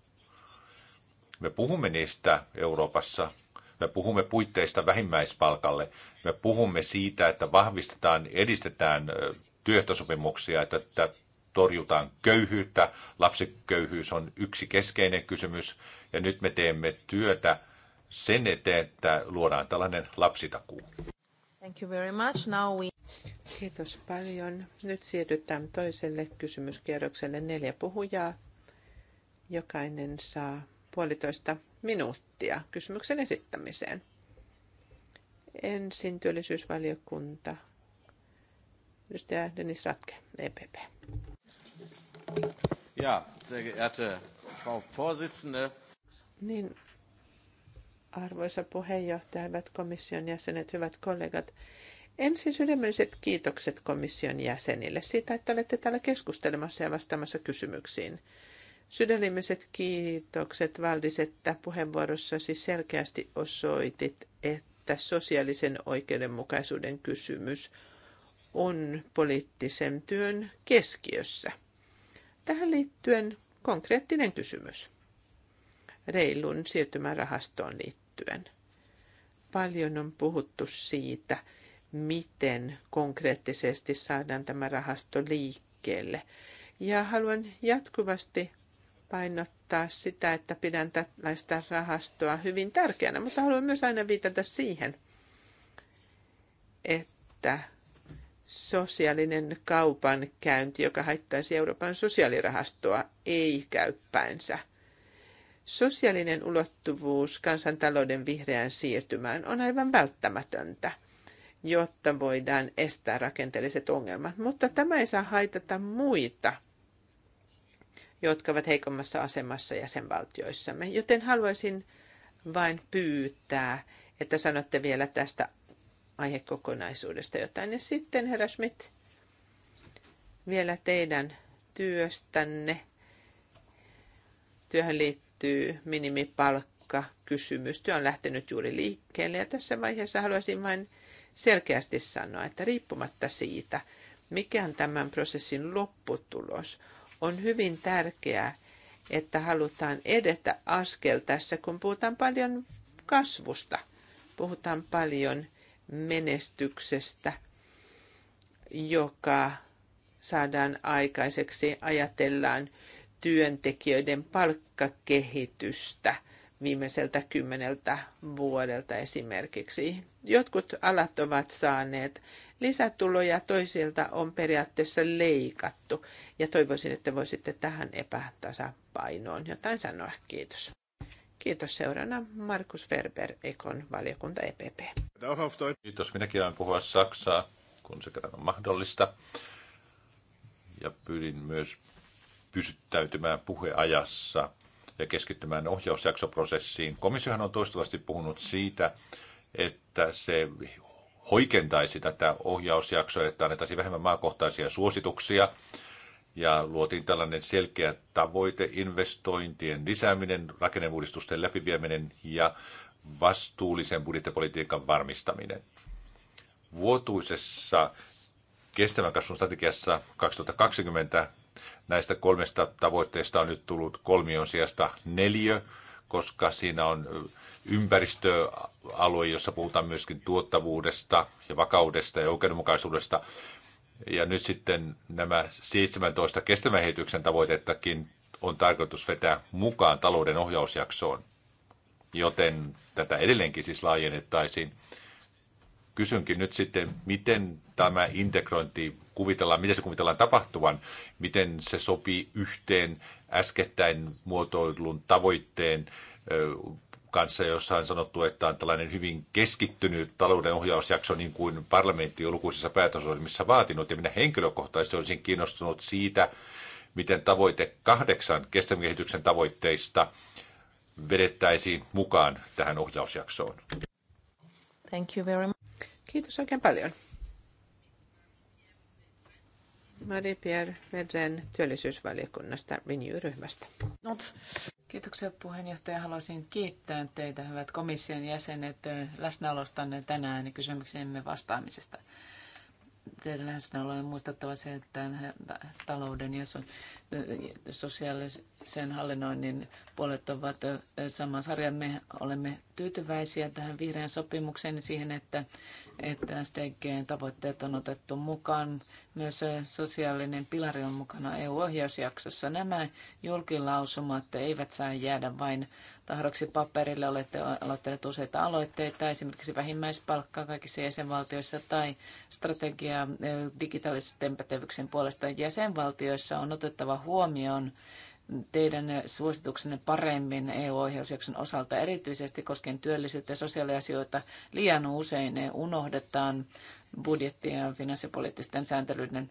Me puhumme niistä Euroopassa. Me puhumme puitteista vähimmäispalkalle. Me puhumme siitä, että vahvistetaan, edistetään työehtosopimuksia, että, että torjutaan köyhyyttä. Lapsiköyhyys on yksi keskeinen kysymys ja nyt me teemme työtä sen eteen, että luodaan tällainen lapsitakuu. Thank you very much. Now we... Kiitos paljon. Nyt siirrytään toiselle kysymyskierrokselle. Neljä puhujaa. Jokainen saa puolitoista minuuttia kysymyksen esittämiseen. Ensin työllisyysvaliokunta. Edustaja Dennis Ratke, EPP. Ja, sehr geehrte Frau Vorsitzende. Niin, Arvoisa puheenjohtaja, hyvät komission jäsenet, hyvät kollegat. Ensin sydämelliset kiitokset komission jäsenille siitä, että olette täällä keskustelemassa ja vastaamassa kysymyksiin. Sydämelliset kiitokset Valdis, että puheenvuorossasi selkeästi osoitit, että sosiaalisen oikeudenmukaisuuden kysymys on poliittisen työn keskiössä. Tähän liittyen konkreettinen kysymys reilun siirtymärahastoon liittyen liittyen. Paljon on puhuttu siitä, miten konkreettisesti saadaan tämä rahasto liikkeelle. Ja haluan jatkuvasti painottaa sitä, että pidän tällaista rahastoa hyvin tärkeänä, mutta haluan myös aina viitata siihen, että sosiaalinen kaupankäynti, joka haittaisi Euroopan sosiaalirahastoa, ei käy päinsä – Sosiaalinen ulottuvuus kansantalouden vihreään siirtymään on aivan välttämätöntä, jotta voidaan estää rakenteelliset ongelmat, mutta tämä ei saa haitata muita jotka ovat heikommassa asemassa jäsenvaltioissamme. Joten haluaisin vain pyytää, että sanotte vielä tästä aihekokonaisuudesta jotain. Ja sitten, herra Schmidt, vielä teidän työstänne. Työhön liittyy liittyy minimipalkka kysymys. Työ on lähtenyt juuri liikkeelle ja tässä vaiheessa haluaisin vain selkeästi sanoa, että riippumatta siitä, mikä on tämän prosessin lopputulos, on hyvin tärkeää, että halutaan edetä askel tässä, kun puhutaan paljon kasvusta, puhutaan paljon menestyksestä, joka saadaan aikaiseksi, ajatellaan työntekijöiden palkkakehitystä viimeiseltä kymmeneltä vuodelta esimerkiksi. Jotkut alat ovat saaneet lisätuloja, toisilta on periaatteessa leikattu. Ja toivoisin, että voisitte tähän epätasapainoon jotain sanoa. Kiitos. Kiitos seurana Markus Ferber, Ekon valiokunta EPP. Kiitos, minäkin olen puhua saksaa, kun se kerran on mahdollista. Ja pyydin myös pysyttäytymään puheajassa ja keskittymään ohjausjaksoprosessiin. Komissiohan on toistuvasti puhunut siitä, että se hoikentaisi tätä ohjausjaksoa, että annettaisiin vähemmän maakohtaisia suosituksia ja luotiin tällainen selkeä tavoite, investointien lisääminen, rakennemuudistusten läpivieminen ja vastuullisen budjettipolitiikan varmistaminen. Vuotuisessa kestävän kasvun strategiassa 2020 Näistä kolmesta tavoitteesta on nyt tullut kolmion sijasta neljö, koska siinä on ympäristöalue, jossa puhutaan myöskin tuottavuudesta ja vakaudesta ja oikeudenmukaisuudesta. Ja nyt sitten nämä 17 kestävän kehityksen tavoitettakin on tarkoitus vetää mukaan talouden ohjausjaksoon, joten tätä edelleenkin siis laajennettaisiin. Kysynkin nyt sitten, miten tämä integrointi kuvitellaan, miten se kuvitellaan tapahtuvan, miten se sopii yhteen äskettäin muotoilun tavoitteen kanssa, jossa on sanottu, että on tällainen hyvin keskittynyt talouden ohjausjakso, niin kuin parlamentti on lukuisissa päätösohjelmissa vaatinut. Ja minä henkilökohtaisesti olisin kiinnostunut siitä, miten tavoite kahdeksan kestävän kehityksen tavoitteista vedettäisiin mukaan tähän ohjausjaksoon. Thank you very much. Kiitos oikein paljon. Marie-Pierre Medren työllisyysvaliokunnasta Renew-ryhmästä. Kiitoksia puheenjohtaja. Haluaisin kiittää teitä, hyvät komission jäsenet, läsnäolostanne tänään ja kysymyksiemme vastaamisesta. Teidän läsnäolo on muistettava se, että talouden ja sosiaalisen hallinnoinnin puolet ovat sama sarja. Me olemme tyytyväisiä tähän vihreän sopimukseen ja siihen, että että SDGn tavoitteet on otettu mukaan. Myös sosiaalinen pilari on mukana EU-ohjausjaksossa. Nämä julkilausumat eivät saa jäädä vain tahdoksi paperille. Olette aloittaneet useita aloitteita, esimerkiksi vähimmäispalkkaa kaikissa jäsenvaltioissa tai strategia eh, digitaalisen tempätevyksen puolesta jäsenvaltioissa on otettava huomioon teidän suosituksenne paremmin EU-ohjausjakson osalta, erityisesti koskien työllisyyttä ja sosiaaliasioita. Liian usein ne unohdetaan budjettien ja finanssipoliittisten sääntelyiden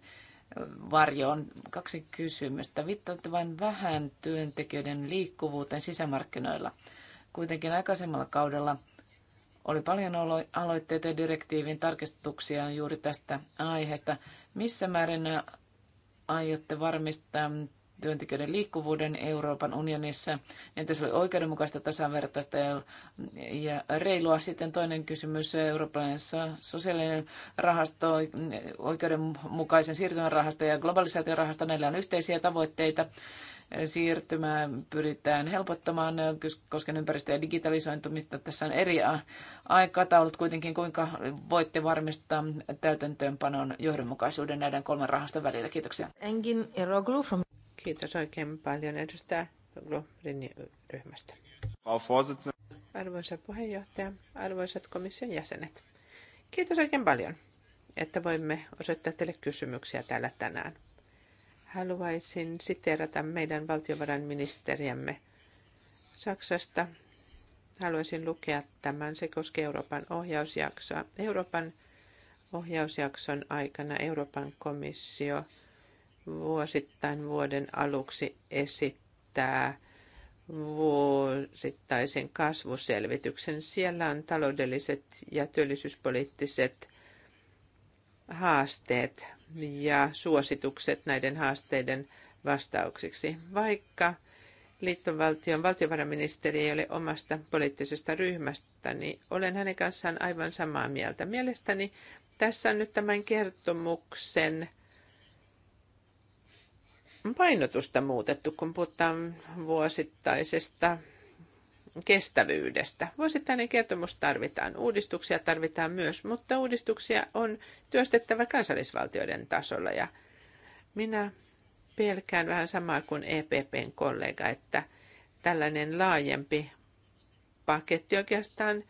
on Kaksi kysymystä. Viittaatte vain vähän työntekijöiden liikkuvuuteen sisämarkkinoilla. Kuitenkin aikaisemmalla kaudella oli paljon aloitteita ja direktiivin tarkistuksia juuri tästä aiheesta. Missä määrin aiotte varmistaa työntekijöiden liikkuvuuden Euroopan unionissa, että se oli oikeudenmukaista, tasavertaista ja, ja reilua. Sitten toinen kysymys, Euroopan sosiaalinen rahasto, oikeudenmukaisen siirtymän rahasto ja rahasto, näillä on yhteisiä tavoitteita siirtymää pyritään helpottamaan koskien ympäristö- ja digitalisointumista. Tässä on eri aikataulut kuitenkin, kuinka voitte varmistaa täytäntöönpanon johdonmukaisuuden näiden kolmen rahaston välillä. Kiitoksia. Engin Eroglu from Kiitos oikein paljon edustaja ryhmästä. Arvoisa puheenjohtaja, arvoisat komission jäsenet. Kiitos oikein paljon, että voimme osoittaa teille kysymyksiä täällä tänään. Haluaisin siteerata meidän valtiovarainministeriämme Saksasta. Haluaisin lukea tämän. Se koskee Euroopan ohjausjaksoa. Euroopan ohjausjakson aikana Euroopan komissio vuosittain vuoden aluksi esittää vuosittaisen kasvuselvityksen. Siellä on taloudelliset ja työllisyyspoliittiset haasteet ja suositukset näiden haasteiden vastauksiksi. Vaikka liittovaltion valtiovarainministeri ei ole omasta poliittisesta ryhmästäni, niin olen hänen kanssaan aivan samaa mieltä. Mielestäni tässä on nyt tämän kertomuksen – painotusta muutettu, kun puhutaan vuosittaisesta kestävyydestä. Vuosittainen kertomus tarvitaan, uudistuksia tarvitaan myös, mutta uudistuksia on työstettävä kansallisvaltioiden tasolla. Ja minä pelkään vähän samaa kuin EPPn kollega, että tällainen laajempi paketti oikeastaan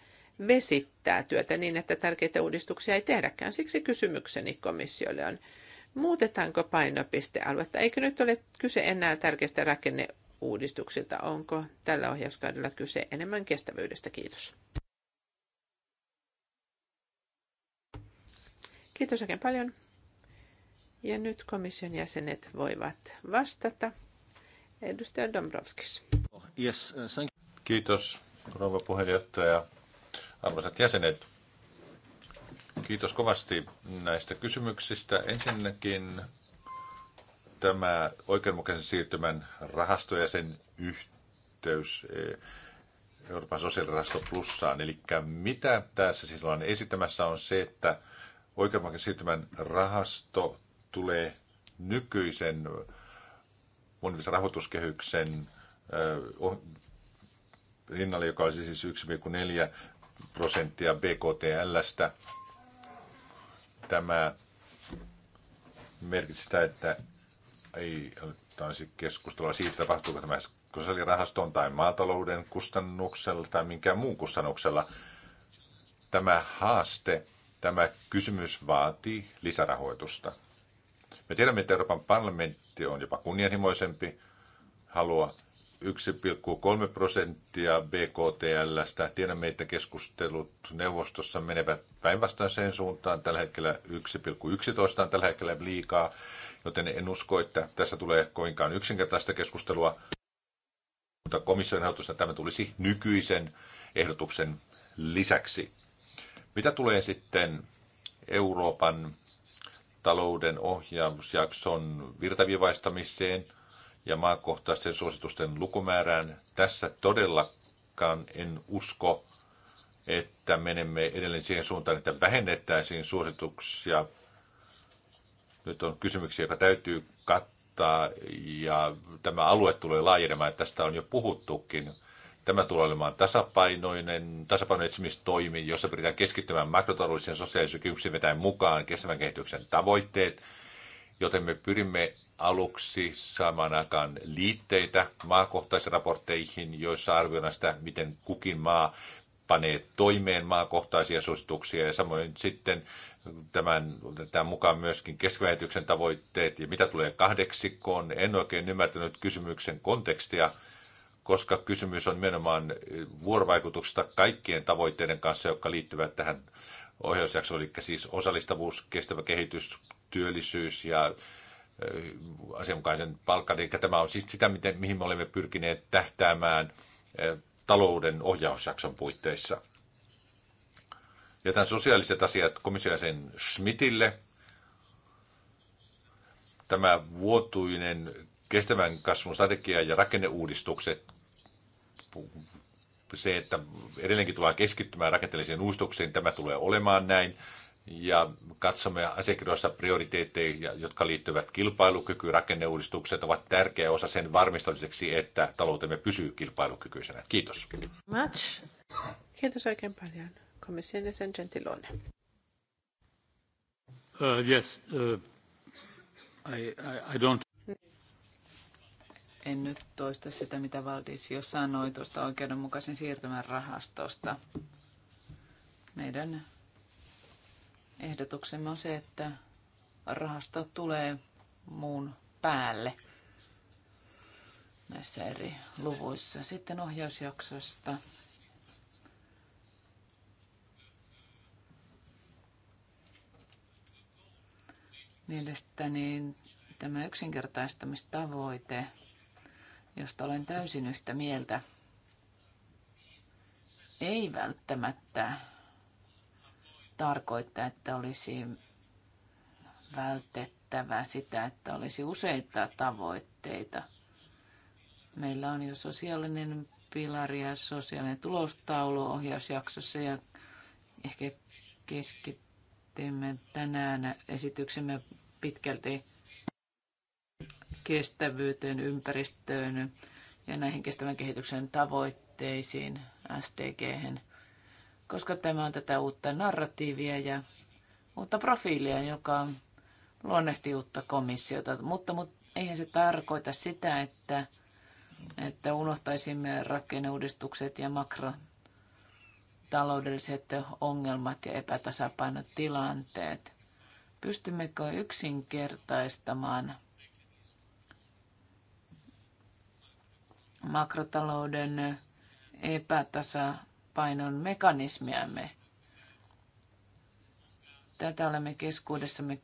vesittää työtä niin, että tärkeitä uudistuksia ei tehdäkään. Siksi kysymykseni komissiolle on, Muutetaanko painopistealuetta? Eikö nyt ole kyse enää tärkeistä rakenneuudistuksilta? Onko tällä ohjauskaudella kyse enemmän kestävyydestä? Kiitos. Kiitos oikein paljon. Ja nyt komission jäsenet voivat vastata. Edustaja Dombrovskis. Oh, uh, Kiitos, rouva puheenjohtaja. Arvoisat jäsenet, Kiitos kovasti näistä kysymyksistä. Ensinnäkin tämä oikeudenmukaisen siirtymän rahasto ja sen yhteys eh, Euroopan sosiaalirahasto plussaan. Eli mitä tässä siis ollaan esittämässä on se, että oikeudenmukaisen siirtymän rahasto tulee nykyisen monivisen rahoituskehyksen eh, rinnalle, joka olisi siis 1,4 prosenttia BKTLstä tämä merkitsi sitä, että ei taisi keskustella siitä, tapahtuuko tämä sosiaalirahaston tai maatalouden kustannuksella tai minkään muun kustannuksella. Tämä haaste, tämä kysymys vaatii lisärahoitusta. Me tiedämme, että Euroopan parlamentti on jopa kunnianhimoisempi, halua 1,3 prosenttia BKTLstä. Tiedämme, että keskustelut neuvostossa menevät päinvastaiseen suuntaan. Tällä hetkellä 1,11 on tällä hetkellä liikaa, joten en usko, että tässä tulee kovinkaan yksinkertaista keskustelua. Mutta komission ehdotusta tämä tulisi nykyisen ehdotuksen lisäksi. Mitä tulee sitten Euroopan talouden ohjausjakson virtaviivaistamiseen – ja maakohtaisten suositusten lukumäärään. Tässä todellakaan en usko, että menemme edelleen siihen suuntaan, että vähennettäisiin suosituksia. Nyt on kysymyksiä, joka täytyy kattaa, ja tämä alue tulee laajenemaan, tästä on jo puhuttukin. Tämä tulee olemaan tasapainoinen, tasapainoinen etsimistoimi, jossa pyritään keskittymään makrotaloudellisen sosiaalisen kysymyksiin vetäen mukaan kestävän kehityksen tavoitteet – joten me pyrimme aluksi saamaan aikaan liitteitä maakohtaisiin joissa arvioidaan sitä, miten kukin maa panee toimeen maakohtaisia suosituksia ja samoin sitten tämän, tämän mukaan myöskin keskiväityksen tavoitteet ja mitä tulee kahdeksikkoon. En oikein ymmärtänyt kysymyksen kontekstia, koska kysymys on nimenomaan vuorovaikutuksesta kaikkien tavoitteiden kanssa, jotka liittyvät tähän ohjausjaksoon, eli siis osallistavuus, kestävä kehitys, työllisyys ja asianmukaisen palkan. Eli tämä on siis sitä, miten, mihin me olemme pyrkineet tähtäämään talouden ohjausjakson puitteissa. Jätän sosiaaliset asiat komissiaisen Schmidtille. Tämä vuotuinen kestävän kasvun strategia ja rakenneuudistukset, se, että edelleenkin tullaan keskittymään rakenteellisiin uudistuksiin, tämä tulee olemaan näin ja katsomme asiakirjoissa prioriteetteja, jotka liittyvät kilpailukykyyn. Rakenneuudistukset ovat tärkeä osa sen varmistamiseksi, että taloutemme pysyy kilpailukykyisenä. Kiitos. Much. Kiitos oikein paljon. Komission jäsen Gentilone. Uh, yes, uh, I, I, I don't en nyt toista sitä, mitä Valdis jo sanoi tuosta oikeudenmukaisen siirtymän rahastosta. Meidän ehdotuksemme on se, että rahasta tulee muun päälle näissä eri luvuissa. Sitten ohjausjaksosta. Mielestäni tämä yksinkertaistamistavoite, josta olen täysin yhtä mieltä, ei välttämättä tarkoittaa, että olisi vältettävä sitä, että olisi useita tavoitteita. Meillä on jo sosiaalinen pilari ja sosiaalinen tulostaulu ohjausjaksossa ja ehkä keskittymme tänään esityksemme pitkälti kestävyyteen, ympäristöön ja näihin kestävän kehityksen tavoitteisiin, SDG. -hän koska tämä on tätä uutta narratiivia ja uutta profiilia, joka luonnehti uutta komissiota. Mutta, mutta eihän se tarkoita sitä, että, että unohtaisimme rakenneuudistukset ja makro taloudelliset ongelmat ja epätasapainotilanteet. Pystymmekö yksinkertaistamaan makrotalouden epätasa tasapainon mekanismiamme. Tätä olemme keskuudessamme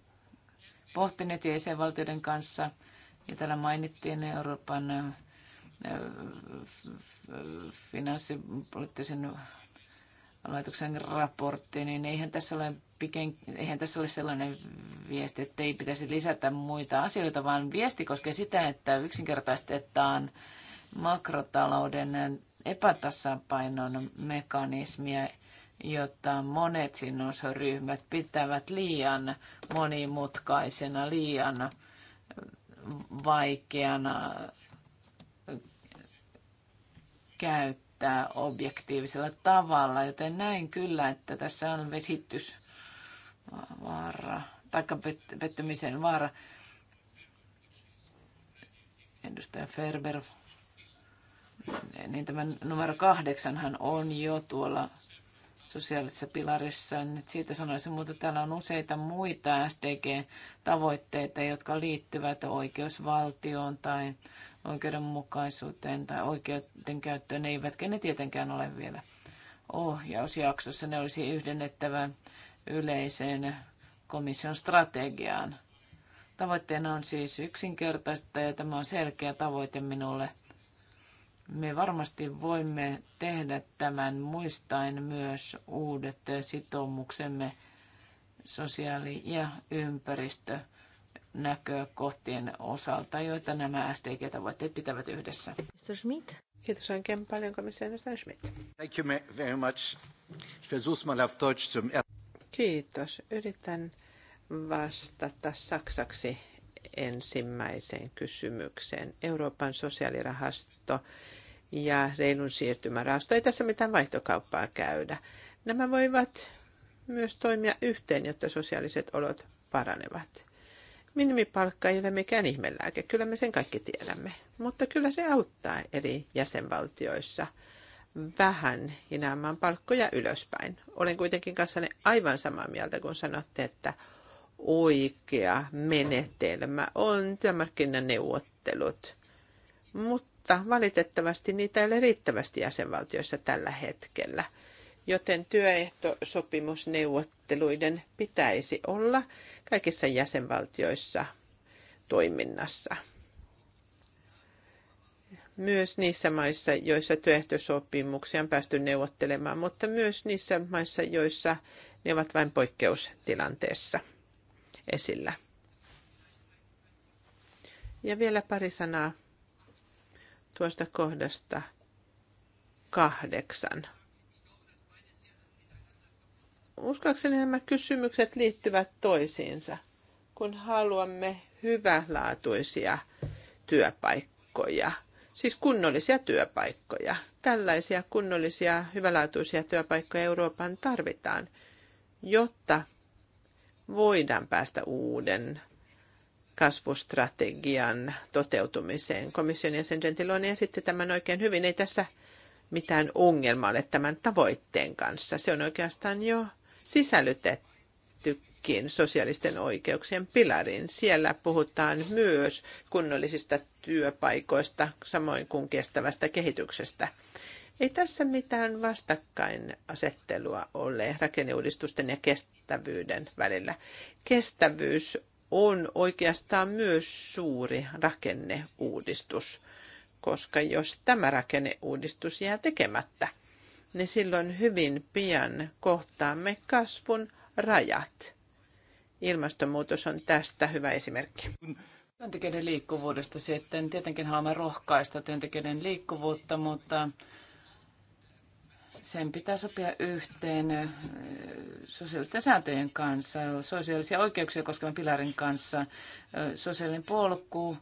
pohtineet jäsenvaltioiden kanssa. Ja täällä mainittiin Euroopan finanssipoliittisen laitoksen raportti, niin eihän tässä ole, piken, eihän tässä ole sellainen viesti, että ei pitäisi lisätä muita asioita, vaan viesti koskee sitä, että yksinkertaistetaan makrotalouden epätasapainon mekanismia, jota monet sinusryhmät pitävät liian monimutkaisena, liian vaikeana käyttää objektiivisella tavalla, joten näin kyllä, että tässä on vesitysvaara, tai pettymisen vaara. Edustaja Ferber niin tämä numero kahdeksanhan on jo tuolla sosiaalisessa pilarissa. Nyt siitä sanoisin, mutta täällä on useita muita SDG-tavoitteita, jotka liittyvät oikeusvaltioon tai oikeudenmukaisuuteen tai oikeudenkäyttöön, eivätkä ne tietenkään ole vielä ohjausjaksossa. Ne olisi yhdennettävä yleiseen komission strategiaan. Tavoitteena on siis yksinkertaista ja tämä on selkeä tavoite minulle – me varmasti voimme tehdä tämän muistaen myös uudet sitoumuksemme sosiaali- ja ympäristönäkökohtien osalta, joita nämä SDG-tavoitteet pitävät yhdessä. Mr. Schmidt. Kiitos oikein paljon, komissaari Schmidt. Thank you very much. Ich mal auf Deutsch zum er- Kiitos. Yritän vastata saksaksi ensimmäiseen kysymykseen. Euroopan sosiaalirahasto ja reilun siirtymärahasto. Ei tässä mitään vaihtokauppaa käydä. Nämä voivat myös toimia yhteen, jotta sosiaaliset olot paranevat. Minimipalkka ei ole mikään ihmelääke, kyllä me sen kaikki tiedämme. Mutta kyllä se auttaa eri jäsenvaltioissa vähän hinaamaan palkkoja ylöspäin. Olen kuitenkin kanssanne aivan samaa mieltä, kun sanotte, että oikea menetelmä on työmarkkinaneuvottelut, mutta valitettavasti niitä ei ole riittävästi jäsenvaltioissa tällä hetkellä, joten työehtosopimusneuvotteluiden pitäisi olla kaikissa jäsenvaltioissa toiminnassa. Myös niissä maissa, joissa työehtosopimuksia on päästy neuvottelemaan, mutta myös niissä maissa, joissa ne ovat vain poikkeustilanteessa esillä. Ja vielä pari sanaa tuosta kohdasta kahdeksan. Uskoakseni nämä kysymykset liittyvät toisiinsa, kun haluamme hyvälaatuisia työpaikkoja, siis kunnollisia työpaikkoja. Tällaisia kunnollisia, hyvälaatuisia työpaikkoja Euroopan tarvitaan, jotta voidaan päästä uuden kasvustrategian toteutumiseen. Komission jäsen Gentiloni esitti tämän oikein hyvin. Ei tässä mitään ongelmaa ole tämän tavoitteen kanssa. Se on oikeastaan jo sisällytettykin sosiaalisten oikeuksien pilariin. Siellä puhutaan myös kunnollisista työpaikoista, samoin kuin kestävästä kehityksestä. Ei tässä mitään vastakkainasettelua ole rakenneuudistusten ja kestävyyden välillä. Kestävyys on oikeastaan myös suuri rakenneuudistus, koska jos tämä rakenneuudistus jää tekemättä, niin silloin hyvin pian kohtaamme kasvun rajat. Ilmastonmuutos on tästä hyvä esimerkki. Työntekijöiden liikkuvuudesta sitten. Tietenkin haluamme rohkaista työntekijöiden liikkuvuutta, mutta sen pitää sopia yhteen sosiaalisten sääntöjen kanssa, sosiaalisia oikeuksia koskevan pilarin kanssa. Sosiaalinen polku,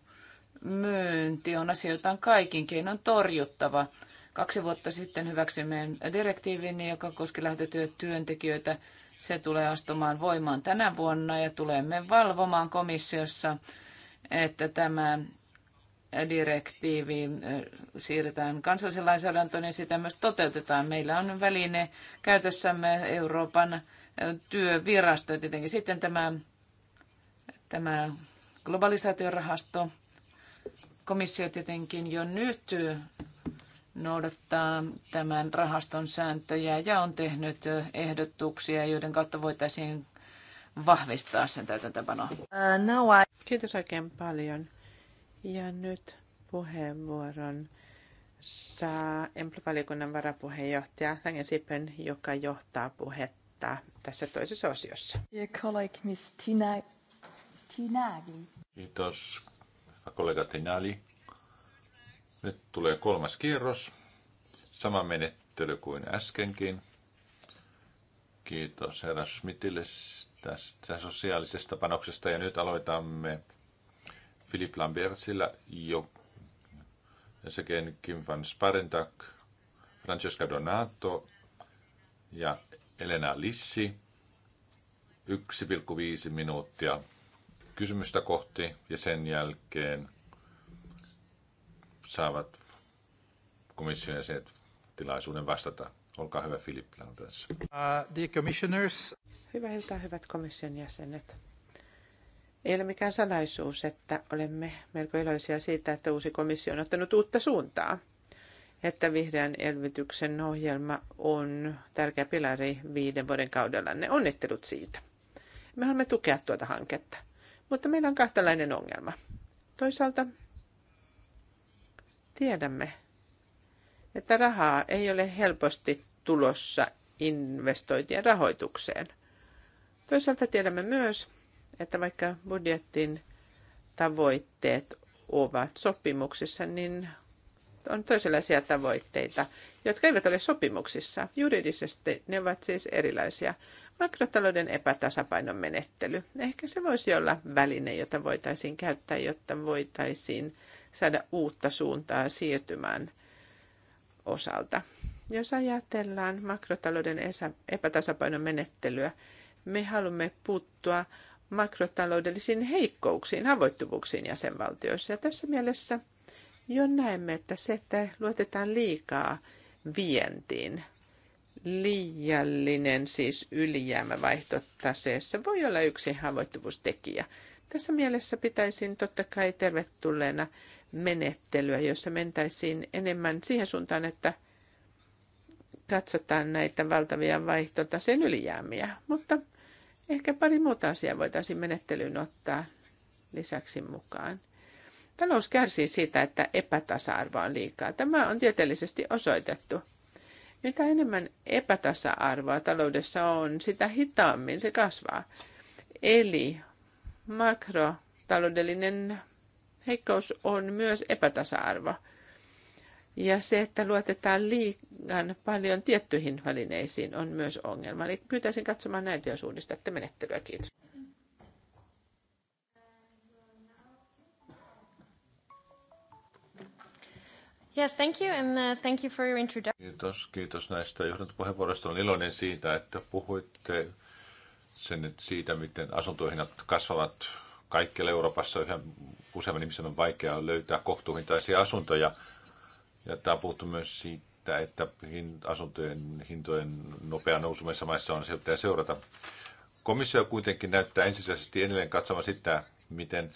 myynti on on kaikin keinoin torjuttava. Kaksi vuotta sitten hyväksymme direktiivin, joka koski lähetettyjä työntekijöitä. Se tulee astumaan voimaan tänä vuonna ja tulemme valvomaan komissiossa, että tämä direktiivi siirretään kansalliseen lainsäädäntöön, niin sitä myös toteutetaan. Meillä on väline käytössämme Euroopan työvirasto. Tietenkin sitten tämä, tämä globalisaatiorahasto. Komissio tietenkin jo nyt noudattaa tämän rahaston sääntöjä ja on tehnyt ehdotuksia, joiden kautta voitaisiin vahvistaa sen täytäntöpanoa. Uh, no, I... Kiitos oikein paljon. Ja nyt puheenvuoron saa Emplo-valiokunnan varapuheenjohtaja Lange Sipen, joka johtaa puhetta tässä toisessa osiossa. Kiitos, kollega Tinali. Nyt tulee kolmas kierros. Sama menettely kuin äskenkin. Kiitos herra Schmidtille tästä sosiaalisesta panoksesta ja nyt aloitamme Philip Lambertilla, jo, sekin Kim van Sparentak, Francesca Donato ja Elena Lissi. 1,5 minuuttia kysymystä kohti ja sen jälkeen saavat komission jäsenet tilaisuuden vastata. Olkaa hyvä Filip Lantas. Uh, dear commissioners. Hyvää iltaa, hyvät komission jäsenet. Ei ole mikään salaisuus, että olemme melko iloisia siitä, että uusi komissio on ottanut uutta suuntaa. Että vihreän elvytyksen ohjelma on tärkeä pilari viiden vuoden kaudella. Ne onnittelut siitä. Me haluamme tukea tuota hanketta. Mutta meillä on kahtalainen ongelma. Toisaalta tiedämme, että rahaa ei ole helposti tulossa investointien rahoitukseen. Toisaalta tiedämme myös, että vaikka budjetin tavoitteet ovat sopimuksissa, niin on toisenlaisia tavoitteita, jotka eivät ole sopimuksissa. Juridisesti ne ovat siis erilaisia. Makrotalouden epätasapainon menettely. Ehkä se voisi olla väline, jota voitaisiin käyttää, jotta voitaisiin saada uutta suuntaa siirtymään osalta. Jos ajatellaan makrotalouden epätasapainon menettelyä, me haluamme puuttua makrotaloudellisiin heikkouksiin, avoittuvuuksiin jäsenvaltioissa. Ja tässä mielessä jo näemme, että se, että luotetaan liikaa vientiin, liiallinen siis ylijäämä vaihtotaseessa voi olla yksi haavoittuvuustekijä. Tässä mielessä pitäisin totta kai tervetulleena menettelyä, jossa mentäisiin enemmän siihen suuntaan, että katsotaan näitä valtavia vaihtotaseen ylijäämiä. Mutta Ehkä pari muuta asiaa voitaisiin menettelyyn ottaa lisäksi mukaan. Talous kärsii siitä, että epätasa arvo on liikaa. Tämä on tieteellisesti osoitettu. Mitä enemmän epätasa-arvoa taloudessa on, sitä hitaammin se kasvaa. Eli makrotaloudellinen heikkous on myös epätasa-arvo. Ja se, että luotetaan liian paljon tiettyihin välineisiin, on myös ongelma. Eli pyytäisin katsomaan näitä, jos uudistatte menettelyä. Kiitos. Yeah, thank you and uh, thank you for your introduction. Kiitos, kiitos näistä johdantopuheenvuoroista. Olen iloinen siitä, että puhuitte sen siitä, miten asuntohinnat kasvavat kaikkialla Euroopassa. Yhä useamman ihmisen on vaikeaa löytää kohtuuhintaisia asuntoja ja tämä on puhuttu myös siitä, että asuntojen hintojen nopea nousu maissa on sieltä seurata. Komissio kuitenkin näyttää ensisijaisesti edelleen katsomaan sitä, miten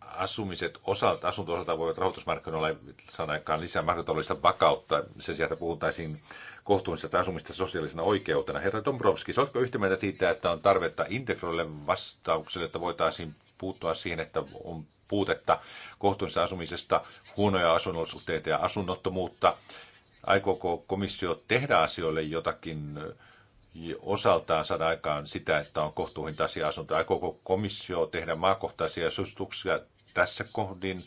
asumiset osalta, asunto-osalta voivat rahoitusmarkkinoilla saada aikaan lisää mahdollista vakautta. Se sieltä puhutaisiin kohtuullisesta asumista sosiaalisena oikeutena. Herra Dombrovski, oletko yhtä mieltä siitä, että on tarvetta integroille vastaukselle, että voitaisiin puuttua siihen, että on puutetta kohtuullisesta asumisesta, huonoja asunnollisuhteita ja asunnottomuutta. Aikooko komissio tehdä asioille jotakin eh, osaltaan saada aikaan sitä, että on kohtuuhintaisia asuntoja? Aikooko komissio tehdä maakohtaisia suosituksia tässä kohdin?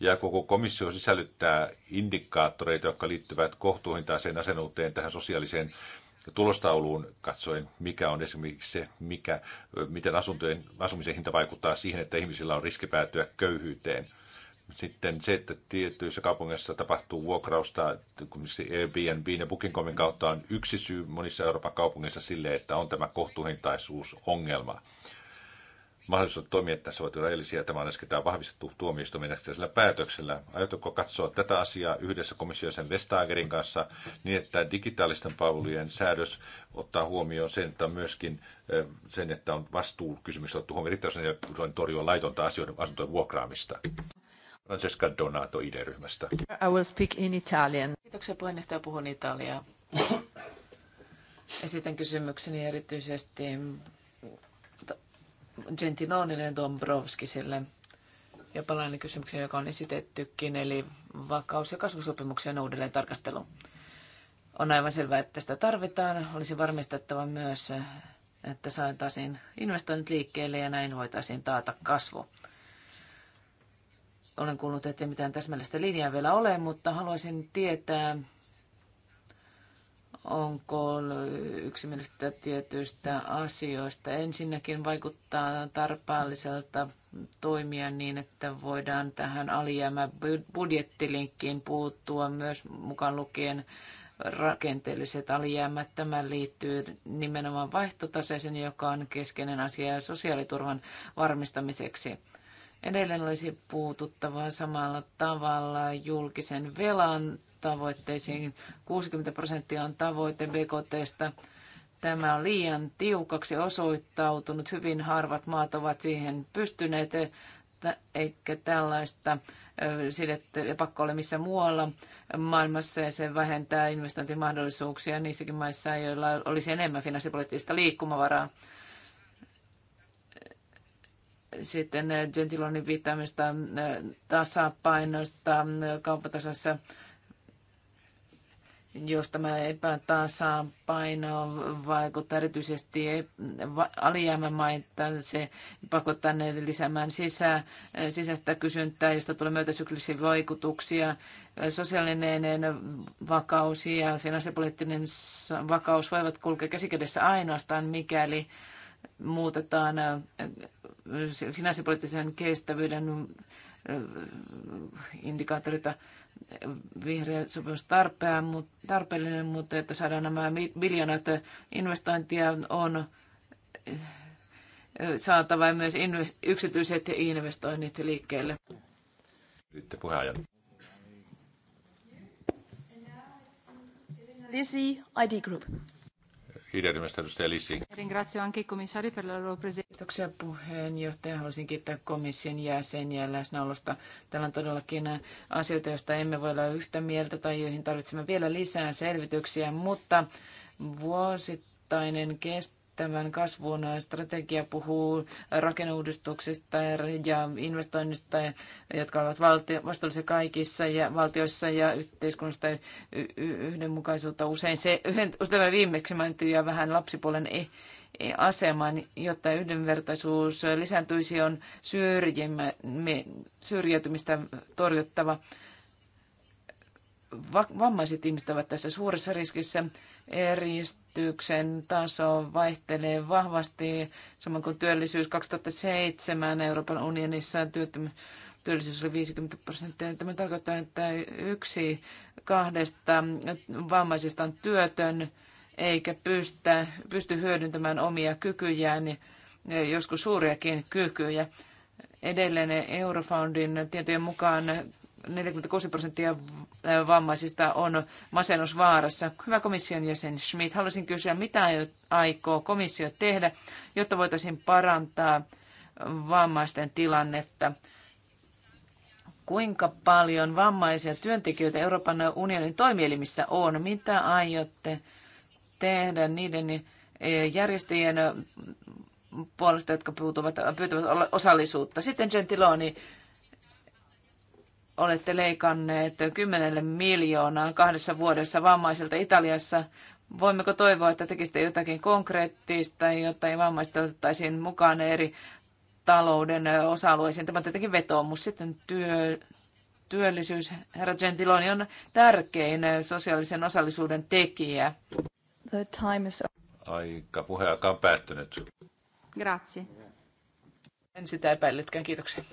Ja koko komissio sisällyttää indikaattoreita, jotka liittyvät kohtuuhintaiseen asennuuteen tähän sosiaaliseen tulostauluun katsoen, mikä on esimerkiksi se, mikä, miten asuntojen, asumisen hinta vaikuttaa siihen, että ihmisillä on riski päätyä köyhyyteen. Sitten se, että tietyissä kaupungeissa tapahtuu vuokrausta, kun Airbnb ja Booking.comin kautta on yksi syy monissa Euroopan kaupungeissa sille, että on tämä kohtuuhintaisuusongelma mahdollisuudet toimia tässä ovat rajallisia. Tämä on äsken vahvistettu tuomioistuminen sillä päätöksellä. Aiotko katsoa tätä asiaa yhdessä komissiosen Vestagerin kanssa niin, että digitaalisten palvelujen säädös ottaa huomioon sen, että myöskin sen, että on vastuukysymys otettu huomioon voin torjua laitonta asioiden asuntojen vuokraamista? Francesca Donato ID-ryhmästä. I will speak in Italian. Kiitoksia puheenjohtaja, puhun italiaa. Esitän kysymykseni erityisesti Gentilonille ja Dombrovskisille. Ja palainen kysymykseen, joka on esitettykin, eli vakaus- ja kasvusopimuksen uudelleen tarkastelu. On aivan selvää, että sitä tarvitaan. Olisi varmistettava myös, että saataisiin investoinnit liikkeelle ja näin voitaisiin taata kasvu. Olen kuullut, että mitään täsmällistä linjaa vielä ole, mutta haluaisin tietää, onko yksimielisyyttä tietyistä asioista. Ensinnäkin vaikuttaa tarpeelliselta toimia niin, että voidaan tähän alijäämä budjettilinkkiin puuttua myös mukaan lukien rakenteelliset alijäämät. Tämä liittyy nimenomaan vaihtotaseeseen, joka on keskeinen asia sosiaaliturvan varmistamiseksi. Edelleen olisi puututtava samalla tavalla julkisen velan tavoitteisiin. 60 prosenttia on tavoite BKTstä. Tämä on liian tiukaksi osoittautunut. Hyvin harvat maat ovat siihen pystyneet, eikä tällaista sidettä ja pakko ole missä muualla maailmassa ja se vähentää investointimahdollisuuksia niissäkin maissa, joilla olisi enemmän finanssipoliittista liikkumavaraa sitten Gentilonin viittaamista tasapainosta kauppatasassa Josta mä epätasaan painoa vaikuttaa erityisesti e- alijäämämaita, se pakottaa ne lisäämään sisä, sisäistä kysyntää, josta tulee myötäsyklisiä vaikutuksia. Sosiaalinen vakaus ja finanssipoliittinen vakaus voivat kulkea käsikädessä ainoastaan, mikäli muutetaan finanssipoliittisen kestävyyden indikaattorita vihreä sopimus tarpeen, tarpeellinen, mutta että saadaan nämä miljoonat investointia on eh, saatava myös yksityiset investoinnit liikkeelle. Yritte Lisi, ID Group. Kiitän edustaja Lissi. Ringrazio anche i commissari per la loro presenza. Kiitoksia puheenjohtaja. Haluaisin kiittää komission jäseniä läsnäolosta. Täällä on todellakin asioita, joista emme voi olla yhtä mieltä tai joihin tarvitsemme vielä lisää selvityksiä, mutta vuosittainen kestävyys tämän kasvun strategia puhuu rakenneuudistuksista ja investoinnista, jotka ovat vastuullisia kaikissa ja valtioissa ja yhteiskunnasta yhdenmukaisuutta. Usein se yhden, viimeksi mainittu ja vähän lapsipuolen e, e, aseman, jotta yhdenvertaisuus lisääntyisi, on syrjäytymistä torjuttava vammaiset ihmiset ovat tässä suuressa riskissä. Eristyksen taso vaihtelee vahvasti, samoin kuin työllisyys 2007 Euroopan unionissa työllisyys oli 50 prosenttia. Tämä tarkoittaa, että yksi kahdesta vammaisista on työtön eikä pystä, pysty hyödyntämään omia kykyjään, joskus suuriakin kykyjä. Edelleen Eurofoundin tietojen mukaan 46 prosenttia vammaisista on masennusvaarassa. Hyvä komission jäsen Schmidt, haluaisin kysyä, mitä aikoo komissio tehdä, jotta voitaisiin parantaa vammaisten tilannetta? Kuinka paljon vammaisia työntekijöitä Euroopan unionin toimielimissä on? Mitä aiotte tehdä niiden järjestöjen puolesta, jotka pyytävät osallisuutta? Sitten Gentiloni, olette leikanneet 10 miljoonaa kahdessa vuodessa vammaisilta Italiassa. Voimmeko toivoa, että tekisitte jotakin konkreettista, jotta ei vammaista otettaisiin mukaan eri talouden osa-alueisiin? Tämä on tietenkin vetoomus. Sitten työ, työllisyys. Herra Gentiloni on tärkein sosiaalisen osallisuuden tekijä. The time is... Aika, puheaika on päättynyt. Grazie. En sitä epäillytkään, kiitoksia.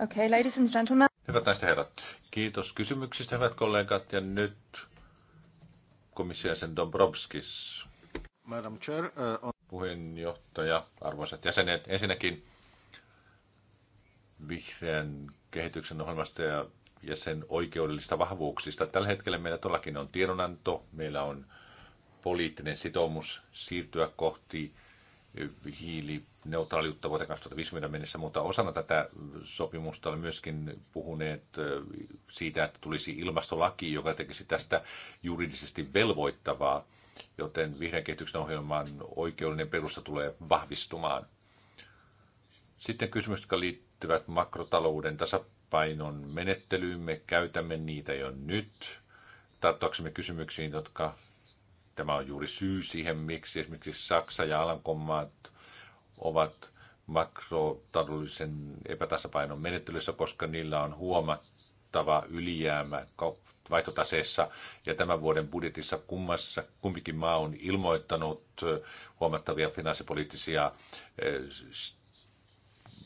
Okay, ladies and gentlemen. Hyvät naiset ja herrat, kiitos kysymyksistä, hyvät kollegat. Ja nyt komissiaisen Dombrovskis. Madam Chair, uh, on... Puheenjohtaja, arvoisat jäsenet, ensinnäkin vihreän kehityksen ohjelmasta ja, ja sen oikeudellista vahvuuksista. Tällä hetkellä meillä todellakin on tiedonanto, meillä on poliittinen sitoumus siirtyä kohti hiilineutraaliutta vuoteen 2050 mennessä, mutta osana tätä sopimusta on myöskin puhuneet siitä, että tulisi ilmastolaki, joka tekisi tästä juridisesti velvoittavaa, joten vihreän kehityksen ohjelman oikeudellinen perusta tulee vahvistumaan. Sitten kysymykset, jotka liittyvät makrotalouden tasapainon me käytämme niitä jo nyt. Tarttuaksemme kysymyksiin, jotka Tämä on juuri syy siihen, miksi esimerkiksi Saksa ja Alankomaat ovat makrotaloudellisen epätasapainon menettelyssä, koska niillä on huomattava ylijäämä vaihtotaseessa. Ja tämän vuoden budjetissa kummassa, kumpikin maa on ilmoittanut huomattavia finanssipoliittisia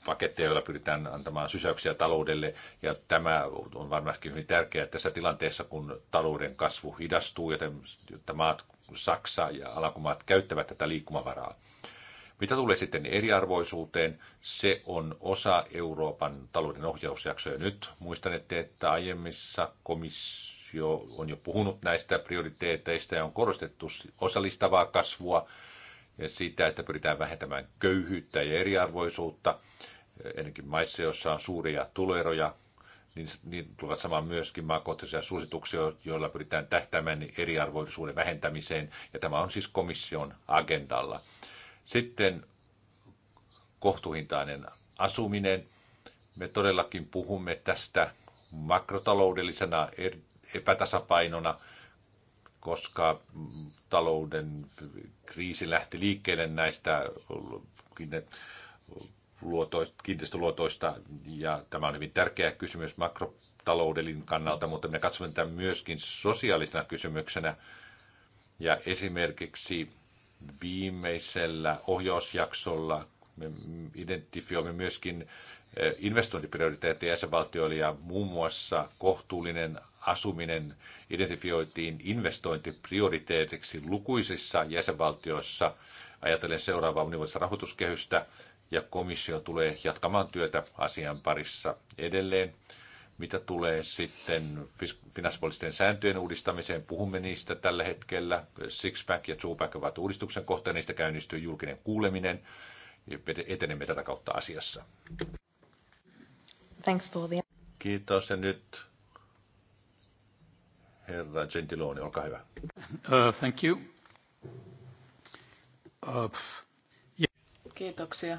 paketteja, joilla pyritään antamaan sysäyksiä taloudelle. Ja tämä on varmasti hyvin tärkeää tässä tilanteessa, kun talouden kasvu hidastuu, joten maat Saksa ja Alankomaat käyttävät tätä liikkumavaraa. Mitä tulee sitten eriarvoisuuteen, se on osa Euroopan talouden ohjausjaksoja nyt. Muistanette, että aiemmissa komissio on jo puhunut näistä prioriteeteista ja on korostettu osallistavaa kasvua ja sitä, että pyritään vähentämään köyhyyttä ja eriarvoisuutta, ennenkin maissa, joissa on suuria tuloeroja, niin, niin tulevat samaan myöskin maakohtaisia suosituksia, joilla pyritään tähtäämään eriarvoisuuden vähentämiseen, ja tämä on siis komission agendalla. Sitten kohtuuhintainen asuminen. Me todellakin puhumme tästä makrotaloudellisena er-, epätasapainona, koska talouden kriisi lähti liikkeelle näistä luotoista, kiinteistöluotoista, ja tämä on hyvin tärkeä kysymys makrotaloudellin kannalta, mutta me katsomme tätä myöskin sosiaalisena kysymyksenä. Ja esimerkiksi viimeisellä ohjausjaksolla me identifioimme myöskin eh, investointiprioriteetteja jäsenvaltioille ja muun muassa kohtuullinen asuminen identifioitiin investointiprioriteetiksi lukuisissa jäsenvaltioissa ajatellen seuraavaa monivuotista rahoituskehystä – ja komissio tulee jatkamaan työtä asian parissa edelleen. Mitä tulee sitten finanssipoliittisten sääntöjen uudistamiseen, puhumme niistä tällä hetkellä. Sixpack ja Twopack ovat uudistuksen kohteena, niistä käynnistyy julkinen kuuleminen. ja Etenemme tätä kautta asiassa. Thanks, Kiitos ja nyt herra Gentiloni, olkaa hyvä. Uh, thank you. Uh, yeah. Kiitoksia.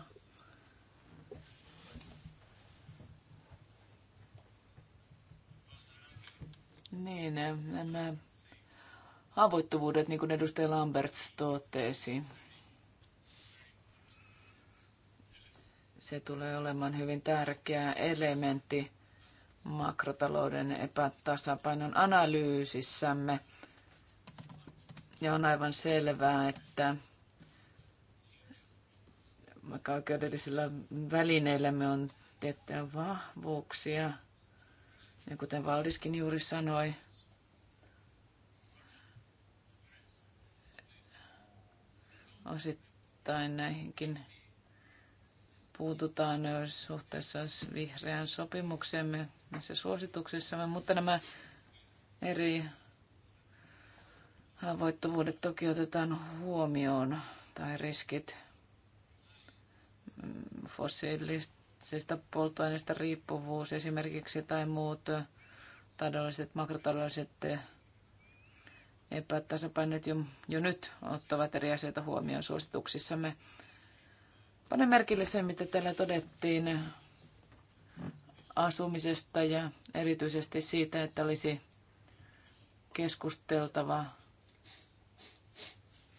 Niin, eh, nämä haavoittuvuudet, niin kuin edustaja Lamberts totesi, se tulee olemaan hyvin tärkeä elementti makrotalouden epätasapainon analyysissämme. Ja on aivan selvää, että vaikka oikeudellisilla me on tiettyjä vahvuuksia, ja kuten Valdiskin juuri sanoi, osittain näihinkin puututaan suhteessa vihreään sopimuksemme näissä suosituksissamme, mutta nämä eri haavoittuvuudet toki otetaan huomioon tai riskit mm, fossiilista fossiilisista polttoaineista riippuvuus esimerkiksi tai muut taloudelliset, makrotaloudelliset epätasapainot jo, jo nyt ottavat eri asioita huomioon suosituksissamme. Pane merkille sen, mitä täällä todettiin asumisesta ja erityisesti siitä, että olisi keskusteltava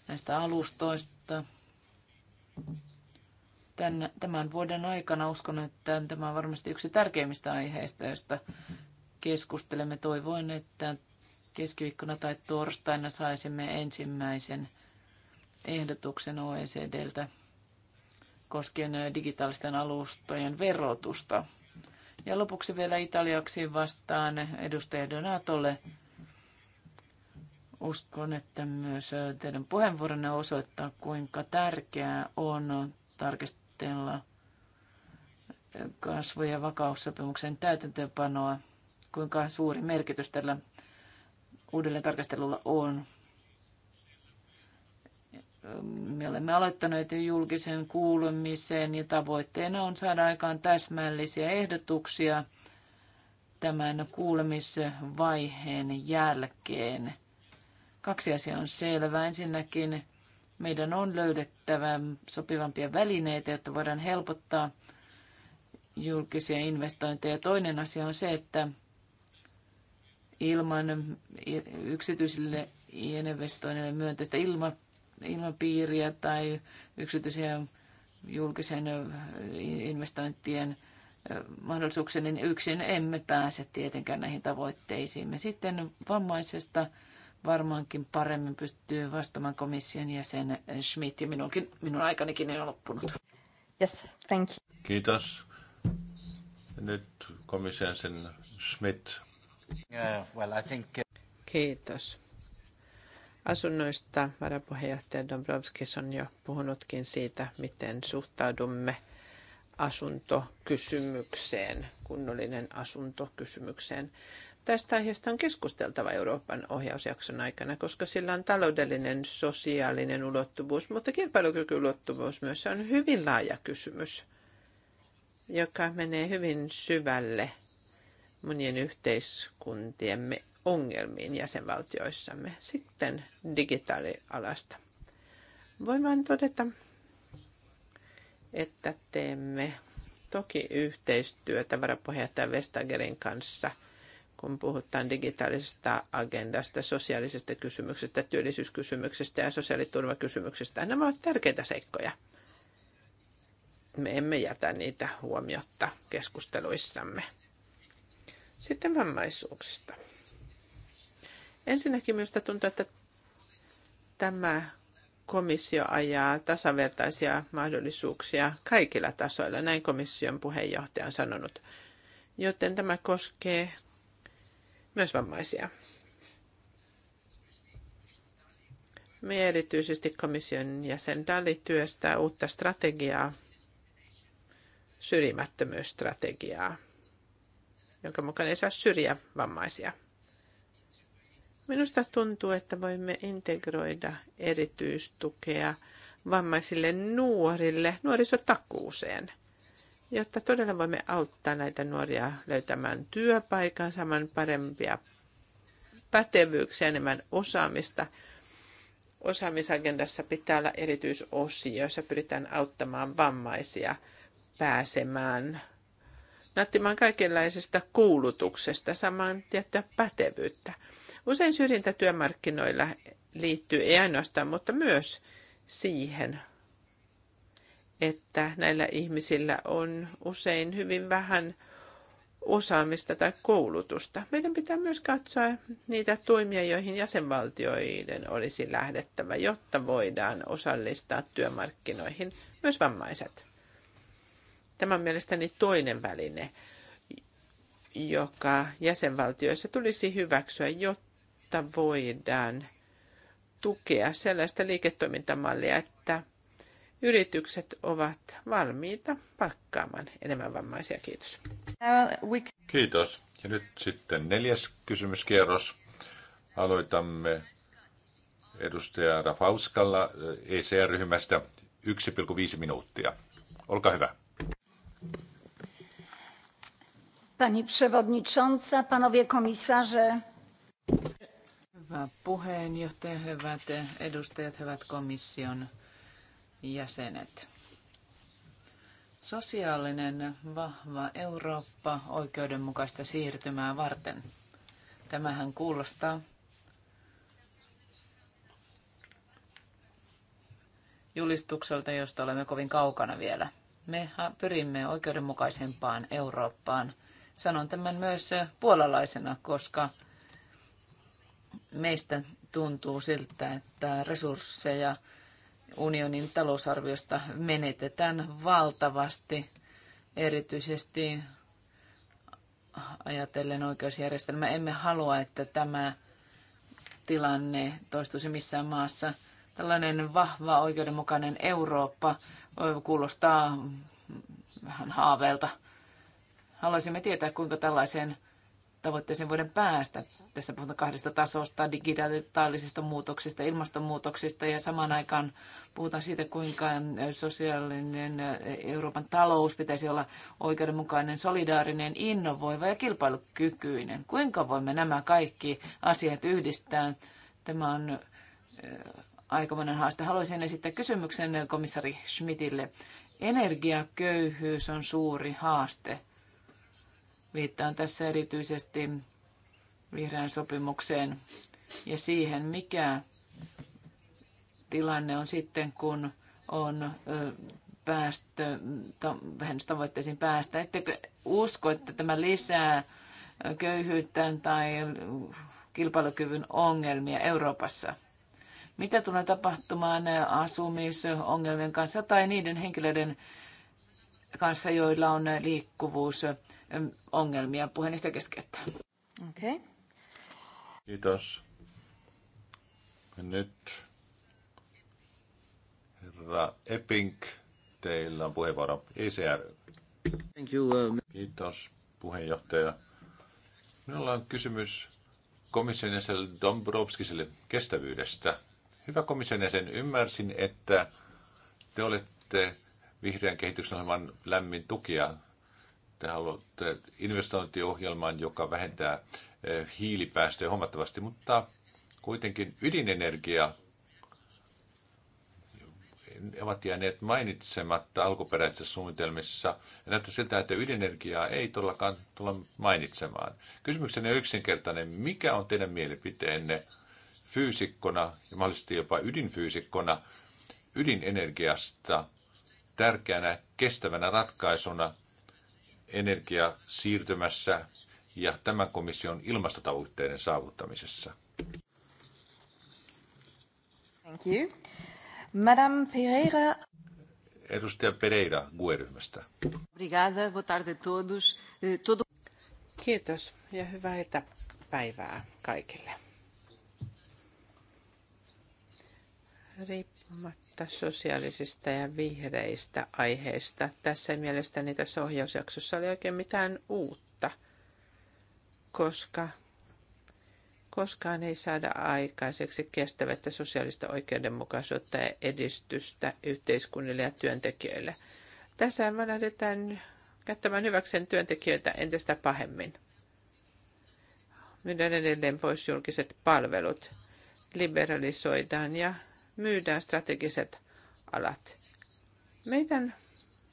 näistä alustoista tämän, tämän vuoden aikana uskon, että tämä on varmasti yksi tärkeimmistä aiheista, joista keskustelemme. Toivoin, että keskiviikkona tai torstaina saisimme ensimmäisen ehdotuksen OECDltä koskien digitaalisten alustojen verotusta. Ja lopuksi vielä italiaksi vastaan edustaja Donatolle. Uskon, että myös teidän puheenvuoronne osoittaa, kuinka tärkeää on tarkistaa tarkastella kasvu- ja vakaussopimuksen täytäntöönpanoa, kuinka suuri merkitys tällä uudelleen tarkastelulla on. Me olemme aloittaneet julkisen kuulumisen ja tavoitteena on saada aikaan täsmällisiä ehdotuksia tämän kuulemisvaiheen jälkeen. Kaksi asiaa on selvää. Ensinnäkin meidän on löydettävä sopivampia välineitä, jotta voidaan helpottaa julkisia investointeja. Toinen asia on se, että ilman yksityisille investoinneille myönteistä ilma, ilmapiiriä tai yksityisiä julkisen investointien mahdollisuuksia, niin yksin emme pääse tietenkään näihin tavoitteisiin. Me Sitten vammaisesta varmaankin paremmin pystyy vastaamaan komission jäsen Schmidt ja minunkin, minun aikanikin ei ole loppunut. Yes, thank you. Kiitos. Nyt komission jäsen Schmidt. Yeah, well, I think... Uh, Kiitos. Asunnoista varapuheenjohtaja Dombrovskis on jo puhunutkin siitä, miten suhtaudumme asuntokysymykseen, kunnollinen asuntokysymykseen. Tästä aiheesta on keskusteltava Euroopan ohjausjakson aikana, koska sillä on taloudellinen, sosiaalinen ulottuvuus, mutta kilpailukykyulottuvuus myös on hyvin laaja kysymys, joka menee hyvin syvälle monien yhteiskuntiemme ongelmiin jäsenvaltioissamme. Sitten digitaalialasta. Voin vain todeta, että teemme toki yhteistyötä varapuheenjohtaja Vestagerin kanssa – kun puhutaan digitaalisesta agendasta, sosiaalisesta kysymyksestä, työllisyyskysymyksestä ja sosiaaliturvakysymyksestä. Nämä ovat tärkeitä seikkoja. Me emme jätä niitä huomiotta keskusteluissamme. Sitten vammaisuuksista. Ensinnäkin minusta tuntuu, että tämä komissio ajaa tasavertaisia mahdollisuuksia kaikilla tasoilla, näin komission puheenjohtaja on sanonut. Joten tämä koskee myös vammaisia. Me erityisesti komission jäsen Dali työstää uutta strategiaa, syrjimättömyysstrategiaa, jonka mukaan ei saa syrjiä vammaisia. Minusta tuntuu, että voimme integroida erityistukea vammaisille nuorille nuorisotakuuseen – jotta todella voimme auttaa näitä nuoria löytämään työpaikan, saman parempia pätevyyksiä, enemmän osaamista. Osaamisagendassa pitää olla erityisosio, jossa pyritään auttamaan vammaisia pääsemään nauttimaan kaikenlaisesta koulutuksesta, samaan tiettyä pätevyyttä. Usein syrjintä työmarkkinoilla liittyy ei ainoastaan, mutta myös siihen että näillä ihmisillä on usein hyvin vähän osaamista tai koulutusta. Meidän pitää myös katsoa niitä toimia, joihin jäsenvaltioiden olisi lähdettävä, jotta voidaan osallistaa työmarkkinoihin myös vammaiset. Tämä on mielestäni toinen väline, joka jäsenvaltioissa tulisi hyväksyä, jotta voidaan tukea sellaista liiketoimintamallia, että yritykset ovat valmiita palkkaamaan enemmän vammaisia. Kiitos. Kiitos. Ja nyt sitten neljäs kysymyskierros. Aloitamme edustaja Rafauskalla ECR-ryhmästä eh, e 1,5 minuuttia. Olkaa hyvä. Pani przewodnicząca, panowie komisarze. Hyvä puheenjohtaja, hyvät edustajat, hyvät komission jäsenet. Sosiaalinen vahva Eurooppa oikeudenmukaista siirtymää varten. Tämähän kuulostaa julistukselta, josta olemme kovin kaukana vielä. Me pyrimme oikeudenmukaisempaan Eurooppaan. Sanon tämän myös puolalaisena, koska meistä tuntuu siltä, että resursseja – unionin talousarviosta menetetään valtavasti, erityisesti ajatellen oikeusjärjestelmää. Emme halua, että tämä tilanne toistuisi missään maassa. Tällainen vahva, oikeudenmukainen Eurooppa kuulostaa vähän haaveelta. Haluaisimme tietää, kuinka tällaiseen tavoitteeseen voidaan päästä. Tässä puhutaan kahdesta tasosta, digitaalisista muutoksista, ilmastonmuutoksista ja samaan aikaan puhutaan siitä, kuinka sosiaalinen Euroopan talous pitäisi olla oikeudenmukainen, solidaarinen, innovoiva ja kilpailukykyinen. Kuinka voimme nämä kaikki asiat yhdistää? Tämä on aikamoinen haaste. Haluaisin esittää kysymyksen komissari Schmidtille. Energiaköyhyys on suuri haaste – Viittaan tässä erityisesti vihreän sopimukseen ja siihen, mikä tilanne on sitten, kun on päästö, vähennystavoitteisiin päästä. Ettekö usko, että tämä lisää köyhyyttä tai kilpailukyvyn ongelmia Euroopassa? Mitä tulee tapahtumaan asumisongelmien kanssa tai niiden henkilöiden kanssa, joilla on liikkuvuus ongelmia. Puheenjohtaja keskeyttää. Okei. Okay. Kiitos. Ja nyt herra Epping, teillä on puheenvuoro ICR. E Thank you. Uh, Kiitos puheenjohtaja. Minulla on kysymys komission jäsen Dombrovskiselle kestävyydestä. Hyvä komission jäsen, ymmärsin, että te olette vihreän kehityksen ohjelman lämmin tukia te haluatte investointiohjelman, joka vähentää eh, hiilipäästöjä huomattavasti, mutta kuitenkin ydinenergia ovat jääneet mainitsematta alkuperäisissä suunnitelmissa. näyttää siltä, että ydinenergiaa ei todellakaan tulla mainitsemaan. Kysymykseni on yksinkertainen. Mikä on teidän mielipiteenne fyysikkona ja mahdollisesti jopa ydinfyysikkona ydinenergiasta tärkeänä kestävänä ratkaisuna energia ja tämän komission ilmastotavoitteiden saavuttamisessa. Thank you. Madame Pereira. Edustaja Pereira GUE-ryhmästä. Obrigada, boa tarde todos. Eh, todo... Kiitos ja hyvää iltapäivää kaikille. Riippumatta puhetta sosiaalisista ja vihreistä aiheista. Tässä mielestäni tässä ohjausjaksossa oli oikein mitään uutta, koska koskaan ei saada aikaiseksi kestävättä sosiaalista oikeudenmukaisuutta ja edistystä yhteiskunnille ja työntekijöille. Tässä me lähdetään käyttämään hyväkseen työntekijöitä entistä pahemmin. Myydään edelleen pois julkiset palvelut, liberalisoidaan ja myydään strategiset alat. Meidän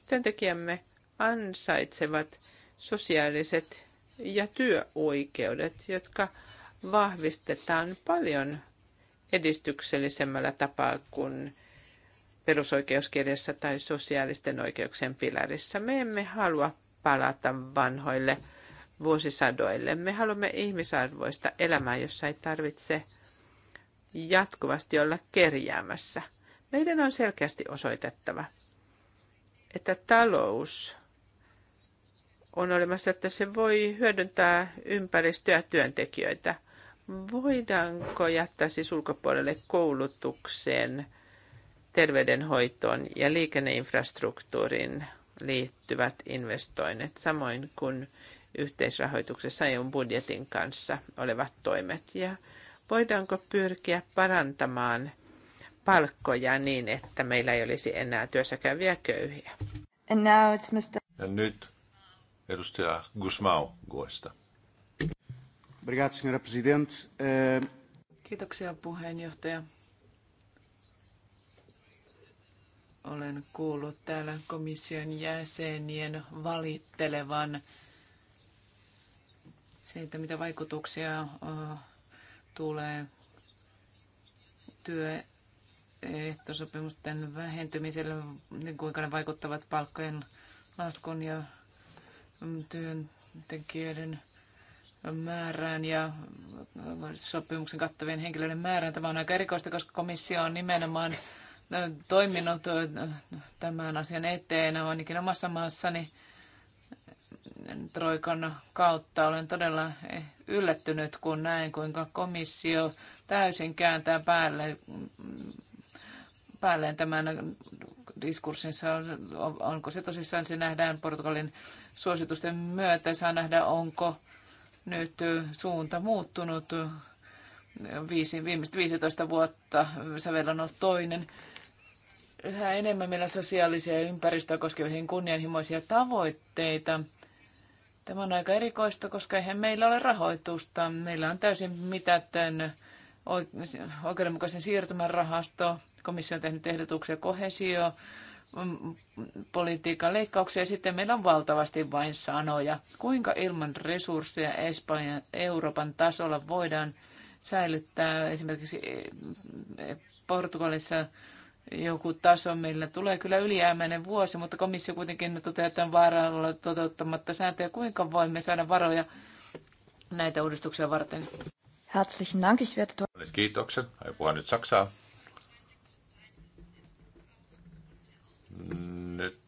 työntekijämme ansaitsevat sosiaaliset ja työoikeudet, jotka vahvistetaan paljon edistyksellisemmällä tapaa kuin perusoikeuskirjassa tai sosiaalisten oikeuksien pilarissa. Me emme halua palata vanhoille vuosisadoille. Me haluamme ihmisarvoista elämää, jossa ei tarvitse jatkuvasti olla kerjäämässä. Meidän on selkeästi osoitettava, että talous on olemassa, että se voi hyödyntää ympäristöä ja työntekijöitä. Voidaanko jättää siis ulkopuolelle koulutukseen, terveydenhoitoon ja liikenneinfrastruktuurin liittyvät investoinnit, samoin kuin yhteisrahoituksessa eu budjetin kanssa olevat toimet. Ja Voidaanko pyrkiä parantamaan palkkoja niin, että meillä ei olisi enää käyviä köyhiä? And now it's Mr. Ja nyt edustaja Gusmao Guesta. Eh, Kiitoksia puheenjohtaja. Olen kuullut täällä komission jäsenien valittelevan siitä, mitä vaikutuksia tulee työehtosopimusten vähentymiselle, niin kuinka ne vaikuttavat palkkojen laskun ja työntekijöiden määrään ja sopimuksen kattavien henkilöiden määrään. Tämä on aika erikoista, koska komissio on nimenomaan toiminut tämän asian eteen, ainakin omassa maassani. Troikan kautta olen todella yllättynyt, kun näen, kuinka komissio täysin kääntää päälle, päälleen tämän diskurssinsa. Onko se tosissaan, se nähdään Portugalin suositusten myötä. Saa nähdä, onko nyt suunta muuttunut. Viisi, viimeiset 15 vuotta sävel on ollut toinen Yhä enemmän meillä sosiaalisia ja ympäristöä koskeviin kunnianhimoisia tavoitteita. Tämä on aika erikoista, koska eihän meillä ole rahoitusta. Meillä on täysin mitätön oikeudenmukaisen siirtymän rahasto. Komissio on tehnyt ehdotuksia kohesio, mm, politiikan leikkauksia ja sitten meillä on valtavasti vain sanoja. Kuinka ilman resursseja Espanjan Euroopan tasolla voidaan säilyttää esimerkiksi eh, Portugalissa joku taso, millä tulee kyllä ylijäämäinen vuosi, mutta komissio kuitenkin tämän vaaralla toteuttamatta sääntöjä. Kuinka voimme saada varoja näitä uudistuksia varten? Herzlichen Dank, ich werde... Kiitokset. Aion puhua nyt Saksaa. Nyt,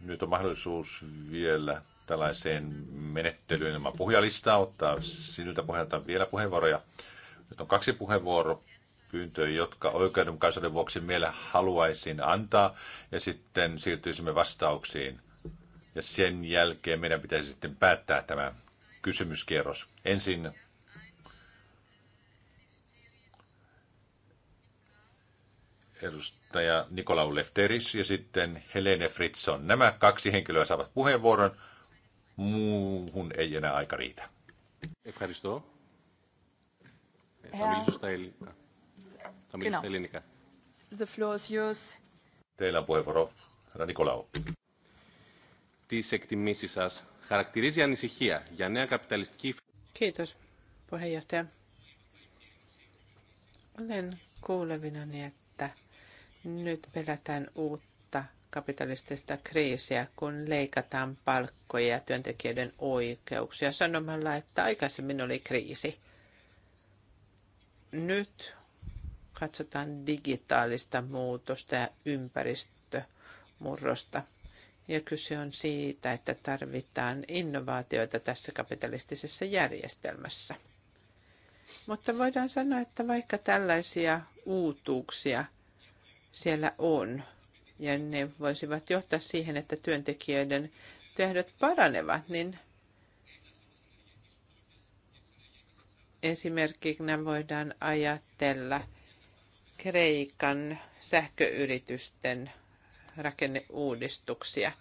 nyt on mahdollisuus vielä tällaiseen menettelyyn ilman puhujalistaa, ottaa siltä pohjalta vielä puheenvuoroja. Nyt on kaksi puheenvuoroa pyyntöä, jotka oikeudenmukaisuuden vuoksi meille haluaisin antaa, ja sitten siirtyisimme vastauksiin. Ja sen jälkeen meidän pitäisi sitten päättää tämä kysymyskierros. Ensin edustaja Nikolaou Lefteris ja sitten Helene Fritson. Nämä kaksi henkilöä saavat puheenvuoron. Muuhun ei enää aika riitä. Herra, Θα The floor is yours. Teillä on puheenvuoro, herra Nikolaou. Τις εκτιμήσεις σας χαρακτηρίζει ανησυχία για νέα καπιταλιστική... Kiitos, puheenjohtaja. Olen kuulevinani, että nyt pelätään uutta kapitalistista kriisiä, kun leikataan palkkoja ja työntekijöiden oikeuksia sanomalla, että aikaisemmin oli kriisi. Nyt katsotaan digitaalista muutosta ja ympäristömurrosta. Ja kyse on siitä, että tarvitaan innovaatioita tässä kapitalistisessa järjestelmässä. Mutta voidaan sanoa, että vaikka tällaisia uutuuksia siellä on, ja ne voisivat johtaa siihen, että työntekijöiden työhdot paranevat, niin esimerkkinä voidaan ajatella – Kreikan sähköyritysten rakenneuudistuksia.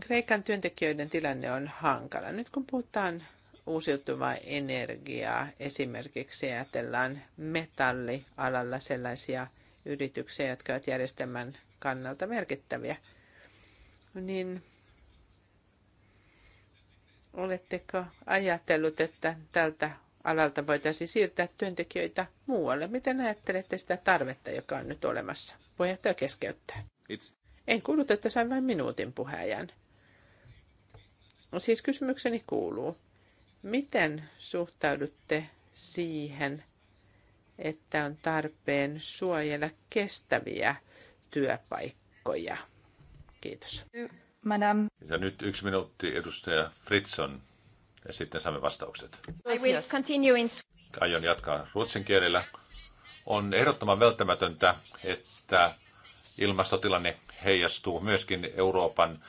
Kreikan työntekijöiden tilanne on hankala. Nyt kun puhutaan uusiutuvaa energiaa, esimerkiksi ajatellaan metallialalla sellaisia yrityksiä, jotka ovat järjestelmän kannalta merkittäviä, niin oletteko ajatellut, että tältä alalta voitaisiin siirtää työntekijöitä muualle. Miten ajattelette sitä tarvetta, joka on nyt olemassa? Puheenjohtaja keskeyttää. It's... En kuullut, että sain vain minuutin puheajan. Siis kysymykseni kuuluu, miten suhtaudutte siihen, että on tarpeen suojella kestäviä työpaikkoja? Kiitos. Madame. Ja nyt yksi minuutti edustaja Fritson ja sitten saamme vastaukset. I will continue in... Aion jatkaa ruotsin kielellä. On ehdottoman välttämätöntä, että ilmastotilanne heijastuu myöskin Euroopan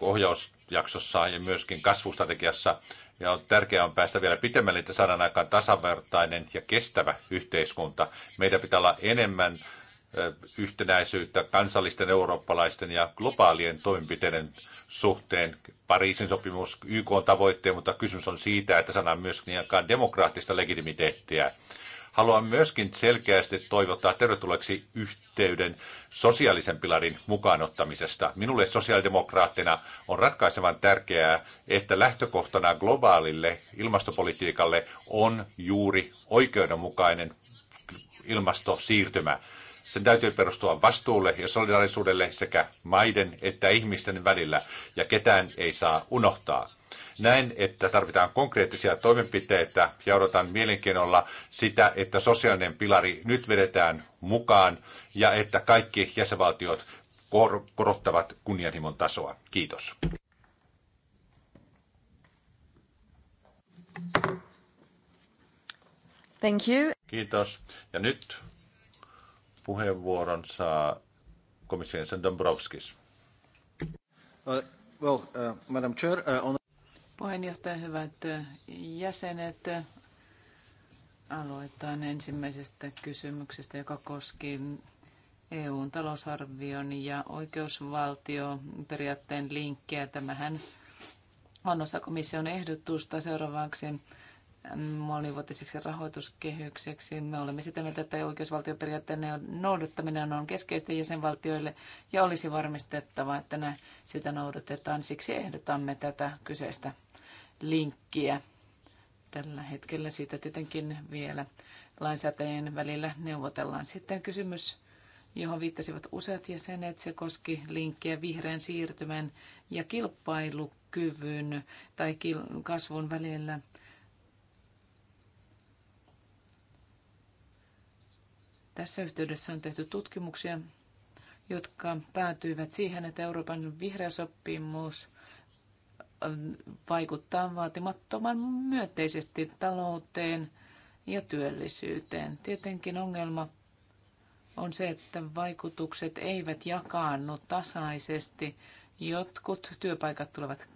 ohjausjaksossa ja myöskin kasvustrategiassa. Ja on tärkeää on päästä vielä pitemmälle, että saadaan aikaan tasavertainen ja kestävä yhteiskunta. Meidän pitää olla enemmän yhtenäisyyttä kansallisten, eurooppalaisten ja globaalien toimenpiteiden suhteen. Pariisin sopimus YK on tavoitteen, mutta kysymys on siitä, että on myöskin jakaa demokraattista legitimiteettiä. Haluan myöskin selkeästi toivottaa tervetulleeksi yhteyden sosiaalisen pilarin mukaanottamisesta. Minulle sosiaalidemokraattina on ratkaisevan tärkeää, että lähtökohtana globaalille ilmastopolitiikalle on juuri oikeudenmukainen ilmastosiirtymä. Sen täytyy perustua vastuulle ja solidaarisuudelle sekä maiden että ihmisten välillä, ja ketään ei saa unohtaa. Näin, että tarvitaan konkreettisia toimenpiteitä ja odotan mielenkiinnolla sitä, että sosiaalinen pilari nyt vedetään mukaan ja että kaikki jäsenvaltiot kor- korottavat kunnianhimon tasoa. Kiitos. Thank you. Kiitos. Ja nyt Puheenvuoron saa komission jäsen Dombrovskis. Uh, well, uh, Madam Chair, uh, on... Puheenjohtaja, hyvät uh, jäsenet. Uh, Aloitetaan ensimmäisestä kysymyksestä, joka koski EUn talousarvion ja oikeusvaltioperiaatteen linkkiä. Tämähän on osa komission ehdotusta seuraavaksi monivuotiseksi rahoituskehykseksi. Me olemme sitä mieltä, että oikeusvaltioperiaatteen noudattaminen on keskeistä jäsenvaltioille ja olisi varmistettava, että nä, sitä noudatetaan. Siksi ehdotamme tätä kyseistä linkkiä. Tällä hetkellä siitä tietenkin vielä lainsäätäjien välillä neuvotellaan. Sitten kysymys, johon viittasivat useat jäsenet. Se koski linkkiä vihreän siirtymän ja kilpailukyvyn tai kasvun välillä Tässä yhteydessä on tehty tutkimuksia, jotka päätyivät siihen, että Euroopan vihreä sopimus vaikuttaa vaatimattoman myönteisesti talouteen ja työllisyyteen. Tietenkin ongelma on se, että vaikutukset eivät jakaannu tasaisesti. Jotkut työpaikat tulevat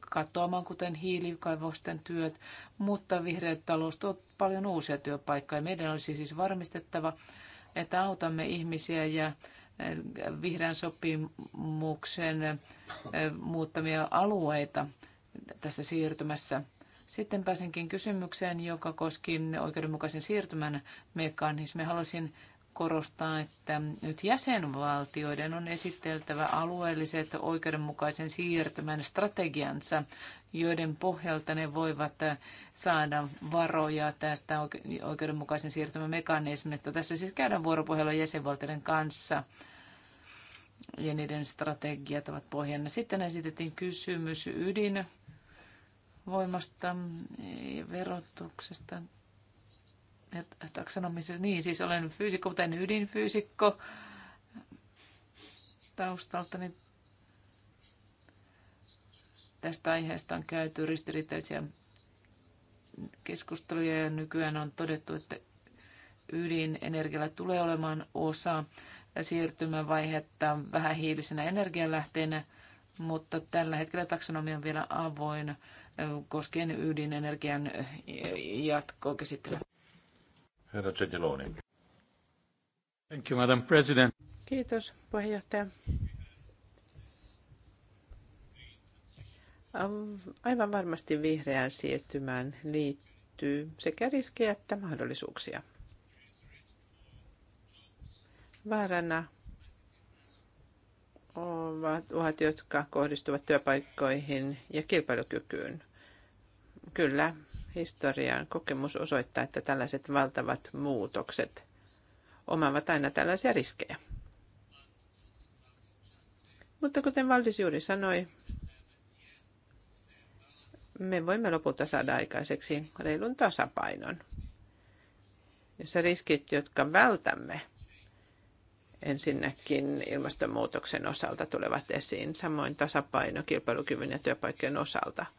katoamaan, kuten hiilikaivosten työt, mutta vihreät talous tuo paljon uusia työpaikkoja. Meidän olisi siis varmistettava, että autamme ihmisiä ja eh, vihreän sopimuksen eh, muuttamia alueita tässä siirtymässä. Sitten pääsenkin kysymykseen, joka koski oikeudenmukaisen siirtymän mekanismia. Haluaisin korostaa, että nyt jäsenvaltioiden on esiteltävä alueelliset oikeudenmukaisen siirtymän strategiansa, joiden pohjalta ne voivat saada varoja tästä oikeudenmukaisen siirtymän mekanismista. Tässä siis käydään vuoropuhelua jäsenvaltioiden kanssa ja niiden strategiat ovat pohjana. Sitten esitettiin kysymys ydinvoimasta ja verotuksesta taksonomissa, niin siis olen fyysikko, en ydinfyysikko taustalta, niin tästä aiheesta on käyty ristiriitaisia keskusteluja ja nykyään on todettu, että ydinenergialla tulee olemaan osa siirtymävaihetta vähähiilisenä energialähteenä, mutta tällä hetkellä taksonomia on vielä avoin koskien ydinenergian jatkokäsittelyä. Herra Gentiloni. Thank you, Madam President. Kiitos, puheenjohtaja. Aivan varmasti vihreään siirtymään liittyy sekä riskejä että mahdollisuuksia. Vaarana ovat uhat, jotka kohdistuvat työpaikkoihin ja kilpailukykyyn. Kyllä, historian kokemus osoittaa, että tällaiset valtavat muutokset omaavat aina tällaisia riskejä. Mutta kuten Valdis juuri sanoi, me voimme lopulta saada aikaiseksi reilun tasapainon, jossa riskit, jotka vältämme ensinnäkin ilmastonmuutoksen osalta tulevat esiin, samoin tasapaino kilpailukyvyn ja työpaikkojen osalta –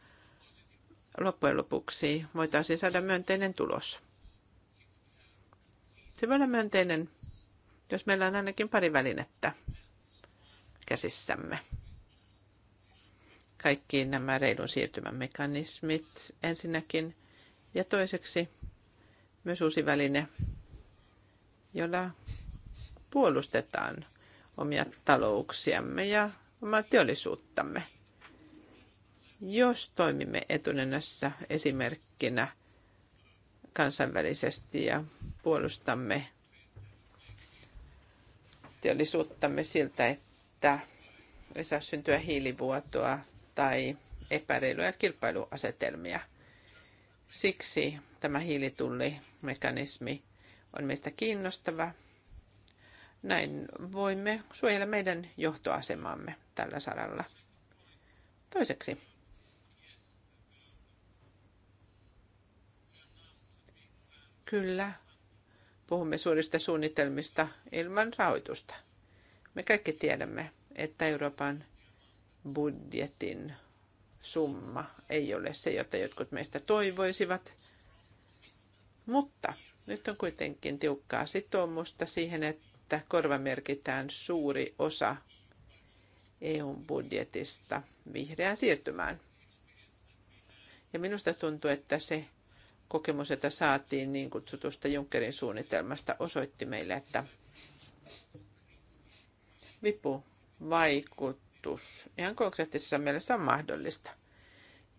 loppujen lopuksi voitaisiin saada myönteinen tulos. Se voi olla myönteinen, jos meillä on ainakin pari välinettä käsissämme. Kaikki nämä reilun siirtymän mekanismit ensinnäkin ja toiseksi myös uusi väline, jolla puolustetaan omia talouksiamme ja omaa teollisuuttamme – jos toimimme etunenässä esimerkkinä kansainvälisesti ja puolustamme teollisuuttamme siltä, että ei saa syntyä hiilivuotoa tai epäreiluja kilpailuasetelmia. Siksi tämä hiilitullimekanismi on meistä kiinnostava. Näin voimme suojella meidän johtoasemamme tällä saralla. Toiseksi, Kyllä, puhumme suurista suunnitelmista ilman rahoitusta. Me kaikki tiedämme, että Euroopan budjetin summa ei ole se, jota jotkut meistä toivoisivat. Mutta nyt on kuitenkin tiukkaa sitoumusta siihen, että korvamerkitään suuri osa EUn budjetista vihreään siirtymään. Ja minusta tuntuu, että se kokemus, jota saatiin niin kutsutusta Junckerin suunnitelmasta, osoitti meille, että vipuvaikutus ihan konkreettisessa mielessä on mahdollista.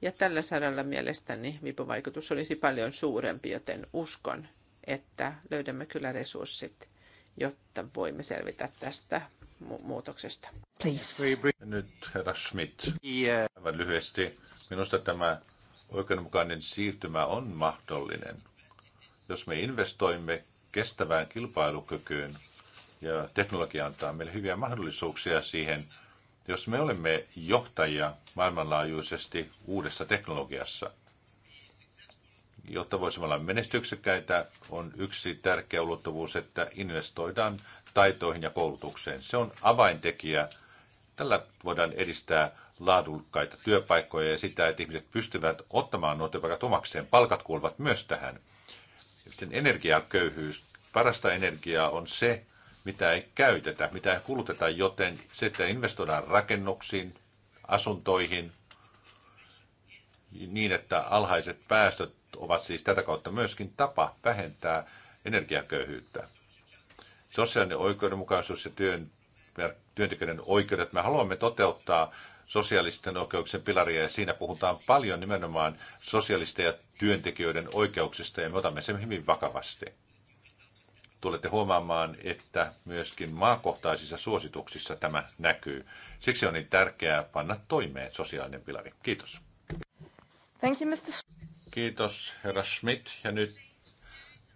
Ja tällä saralla mielestäni vipuvaikutus olisi paljon suurempi, joten uskon, että löydämme kyllä resurssit, jotta voimme selvitä tästä mu- muutoksesta. Please. Nyt herra Schmidt. Yeah. Lyhyesti. Minusta tämä Oikeudenmukainen siirtymä on mahdollinen. Jos me investoimme kestävään kilpailukykyyn ja teknologia antaa meille hyviä mahdollisuuksia siihen, jos me olemme johtajia maailmanlaajuisesti uudessa teknologiassa. Jotta voisimme olla menestyksekkäitä, on yksi tärkeä ulottuvuus, että investoidaan taitoihin ja koulutukseen. Se on avaintekijä. Tällä voidaan edistää laadukkaita työpaikkoja ja sitä, että ihmiset pystyvät ottamaan nuo työpaikat omakseen. Palkat kuuluvat myös tähän. Sitten energiaköyhyys. Parasta energiaa on se, mitä ei käytetä, mitä ei kuluteta, joten se, että investoidaan rakennuksiin, asuntoihin, niin että alhaiset päästöt ovat siis tätä kautta myöskin tapa vähentää energiaköyhyyttä. Sosiaalinen oikeudenmukaisuus ja työn, työntekijöiden oikeudet, me haluamme toteuttaa sosiaalisten oikeuksien pilaria ja siinä puhutaan paljon nimenomaan sosiaalisten ja työntekijöiden oikeuksista ja me otamme sen hyvin vakavasti. Tulette huomaamaan, että myöskin maakohtaisissa suosituksissa tämä näkyy. Siksi on niin tärkeää panna toimeen sosiaalinen pilari. Kiitos. Thank you, Mr. Kiitos, herra Schmidt. Ja nyt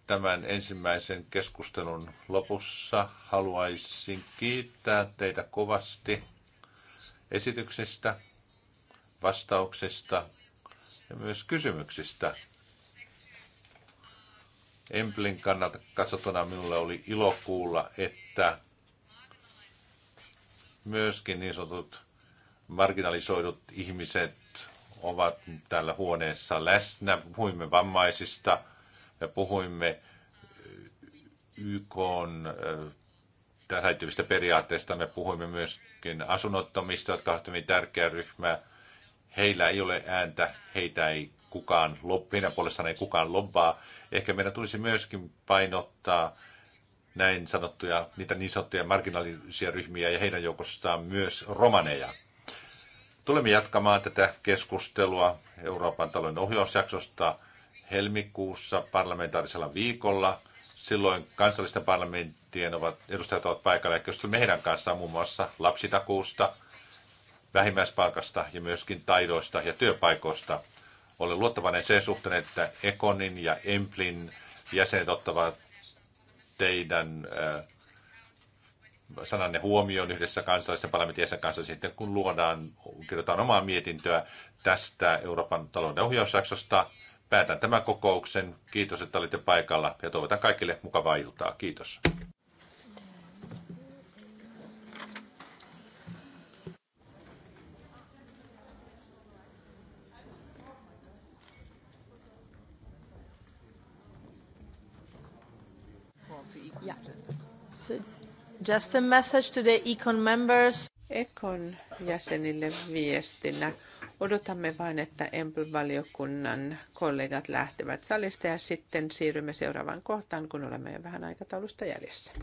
tämän ensimmäisen keskustelun lopussa haluaisin kiittää teitä kovasti esityksestä, vastauksesta ja myös kysymyksistä. Emplin kannalta katsottuna minulle oli ilo kuulla, että myöskin niin sanotut marginalisoidut ihmiset ovat täällä huoneessa läsnä. Puhuimme vammaisista ja puhuimme YK täytyvistä periaatteista. Me puhuimme myöskin asunnottomista, jotka ovat hyvin tärkeä ryhmä. Heillä ei ole ääntä, heitä ei kukaan, heidän puolestaan ei kukaan lobbaa. Ehkä meidän tulisi myöskin painottaa näin sanottuja, niitä niin sanottuja marginaalisia ryhmiä ja heidän joukossaan myös romaneja. Tulemme jatkamaan tätä keskustelua Euroopan talouden ohjausjaksosta helmikuussa parlamentaarisella viikolla – silloin kansallisten parlamenttien ovat, edustajat ovat paikalla ja keskustelemme meidän kanssaan muun muassa lapsitakuusta, vähimmäispalkasta ja myöskin taidoista ja työpaikoista. Olen luottavainen sen suhteen, että Ekonin ja Emplin jäsenet ottavat teidän äh, sananne huomioon yhdessä kansallisen parlamentin jäsen kanssa sitten, kun luodaan, kirjoitetaan omaa mietintöä tästä Euroopan talouden ohjausjaksosta. Päätän tämän kokouksen. Kiitos, että olitte paikalla ja toivotan kaikille mukavaa iltaa. Kiitos. just a message to the Econ members. Econ jäsenille viestinä Odotamme vain, että Empl-valiokunnan kollegat lähtevät salista ja sitten siirrymme seuraavaan kohtaan, kun olemme jo vähän aikataulusta jäljessä.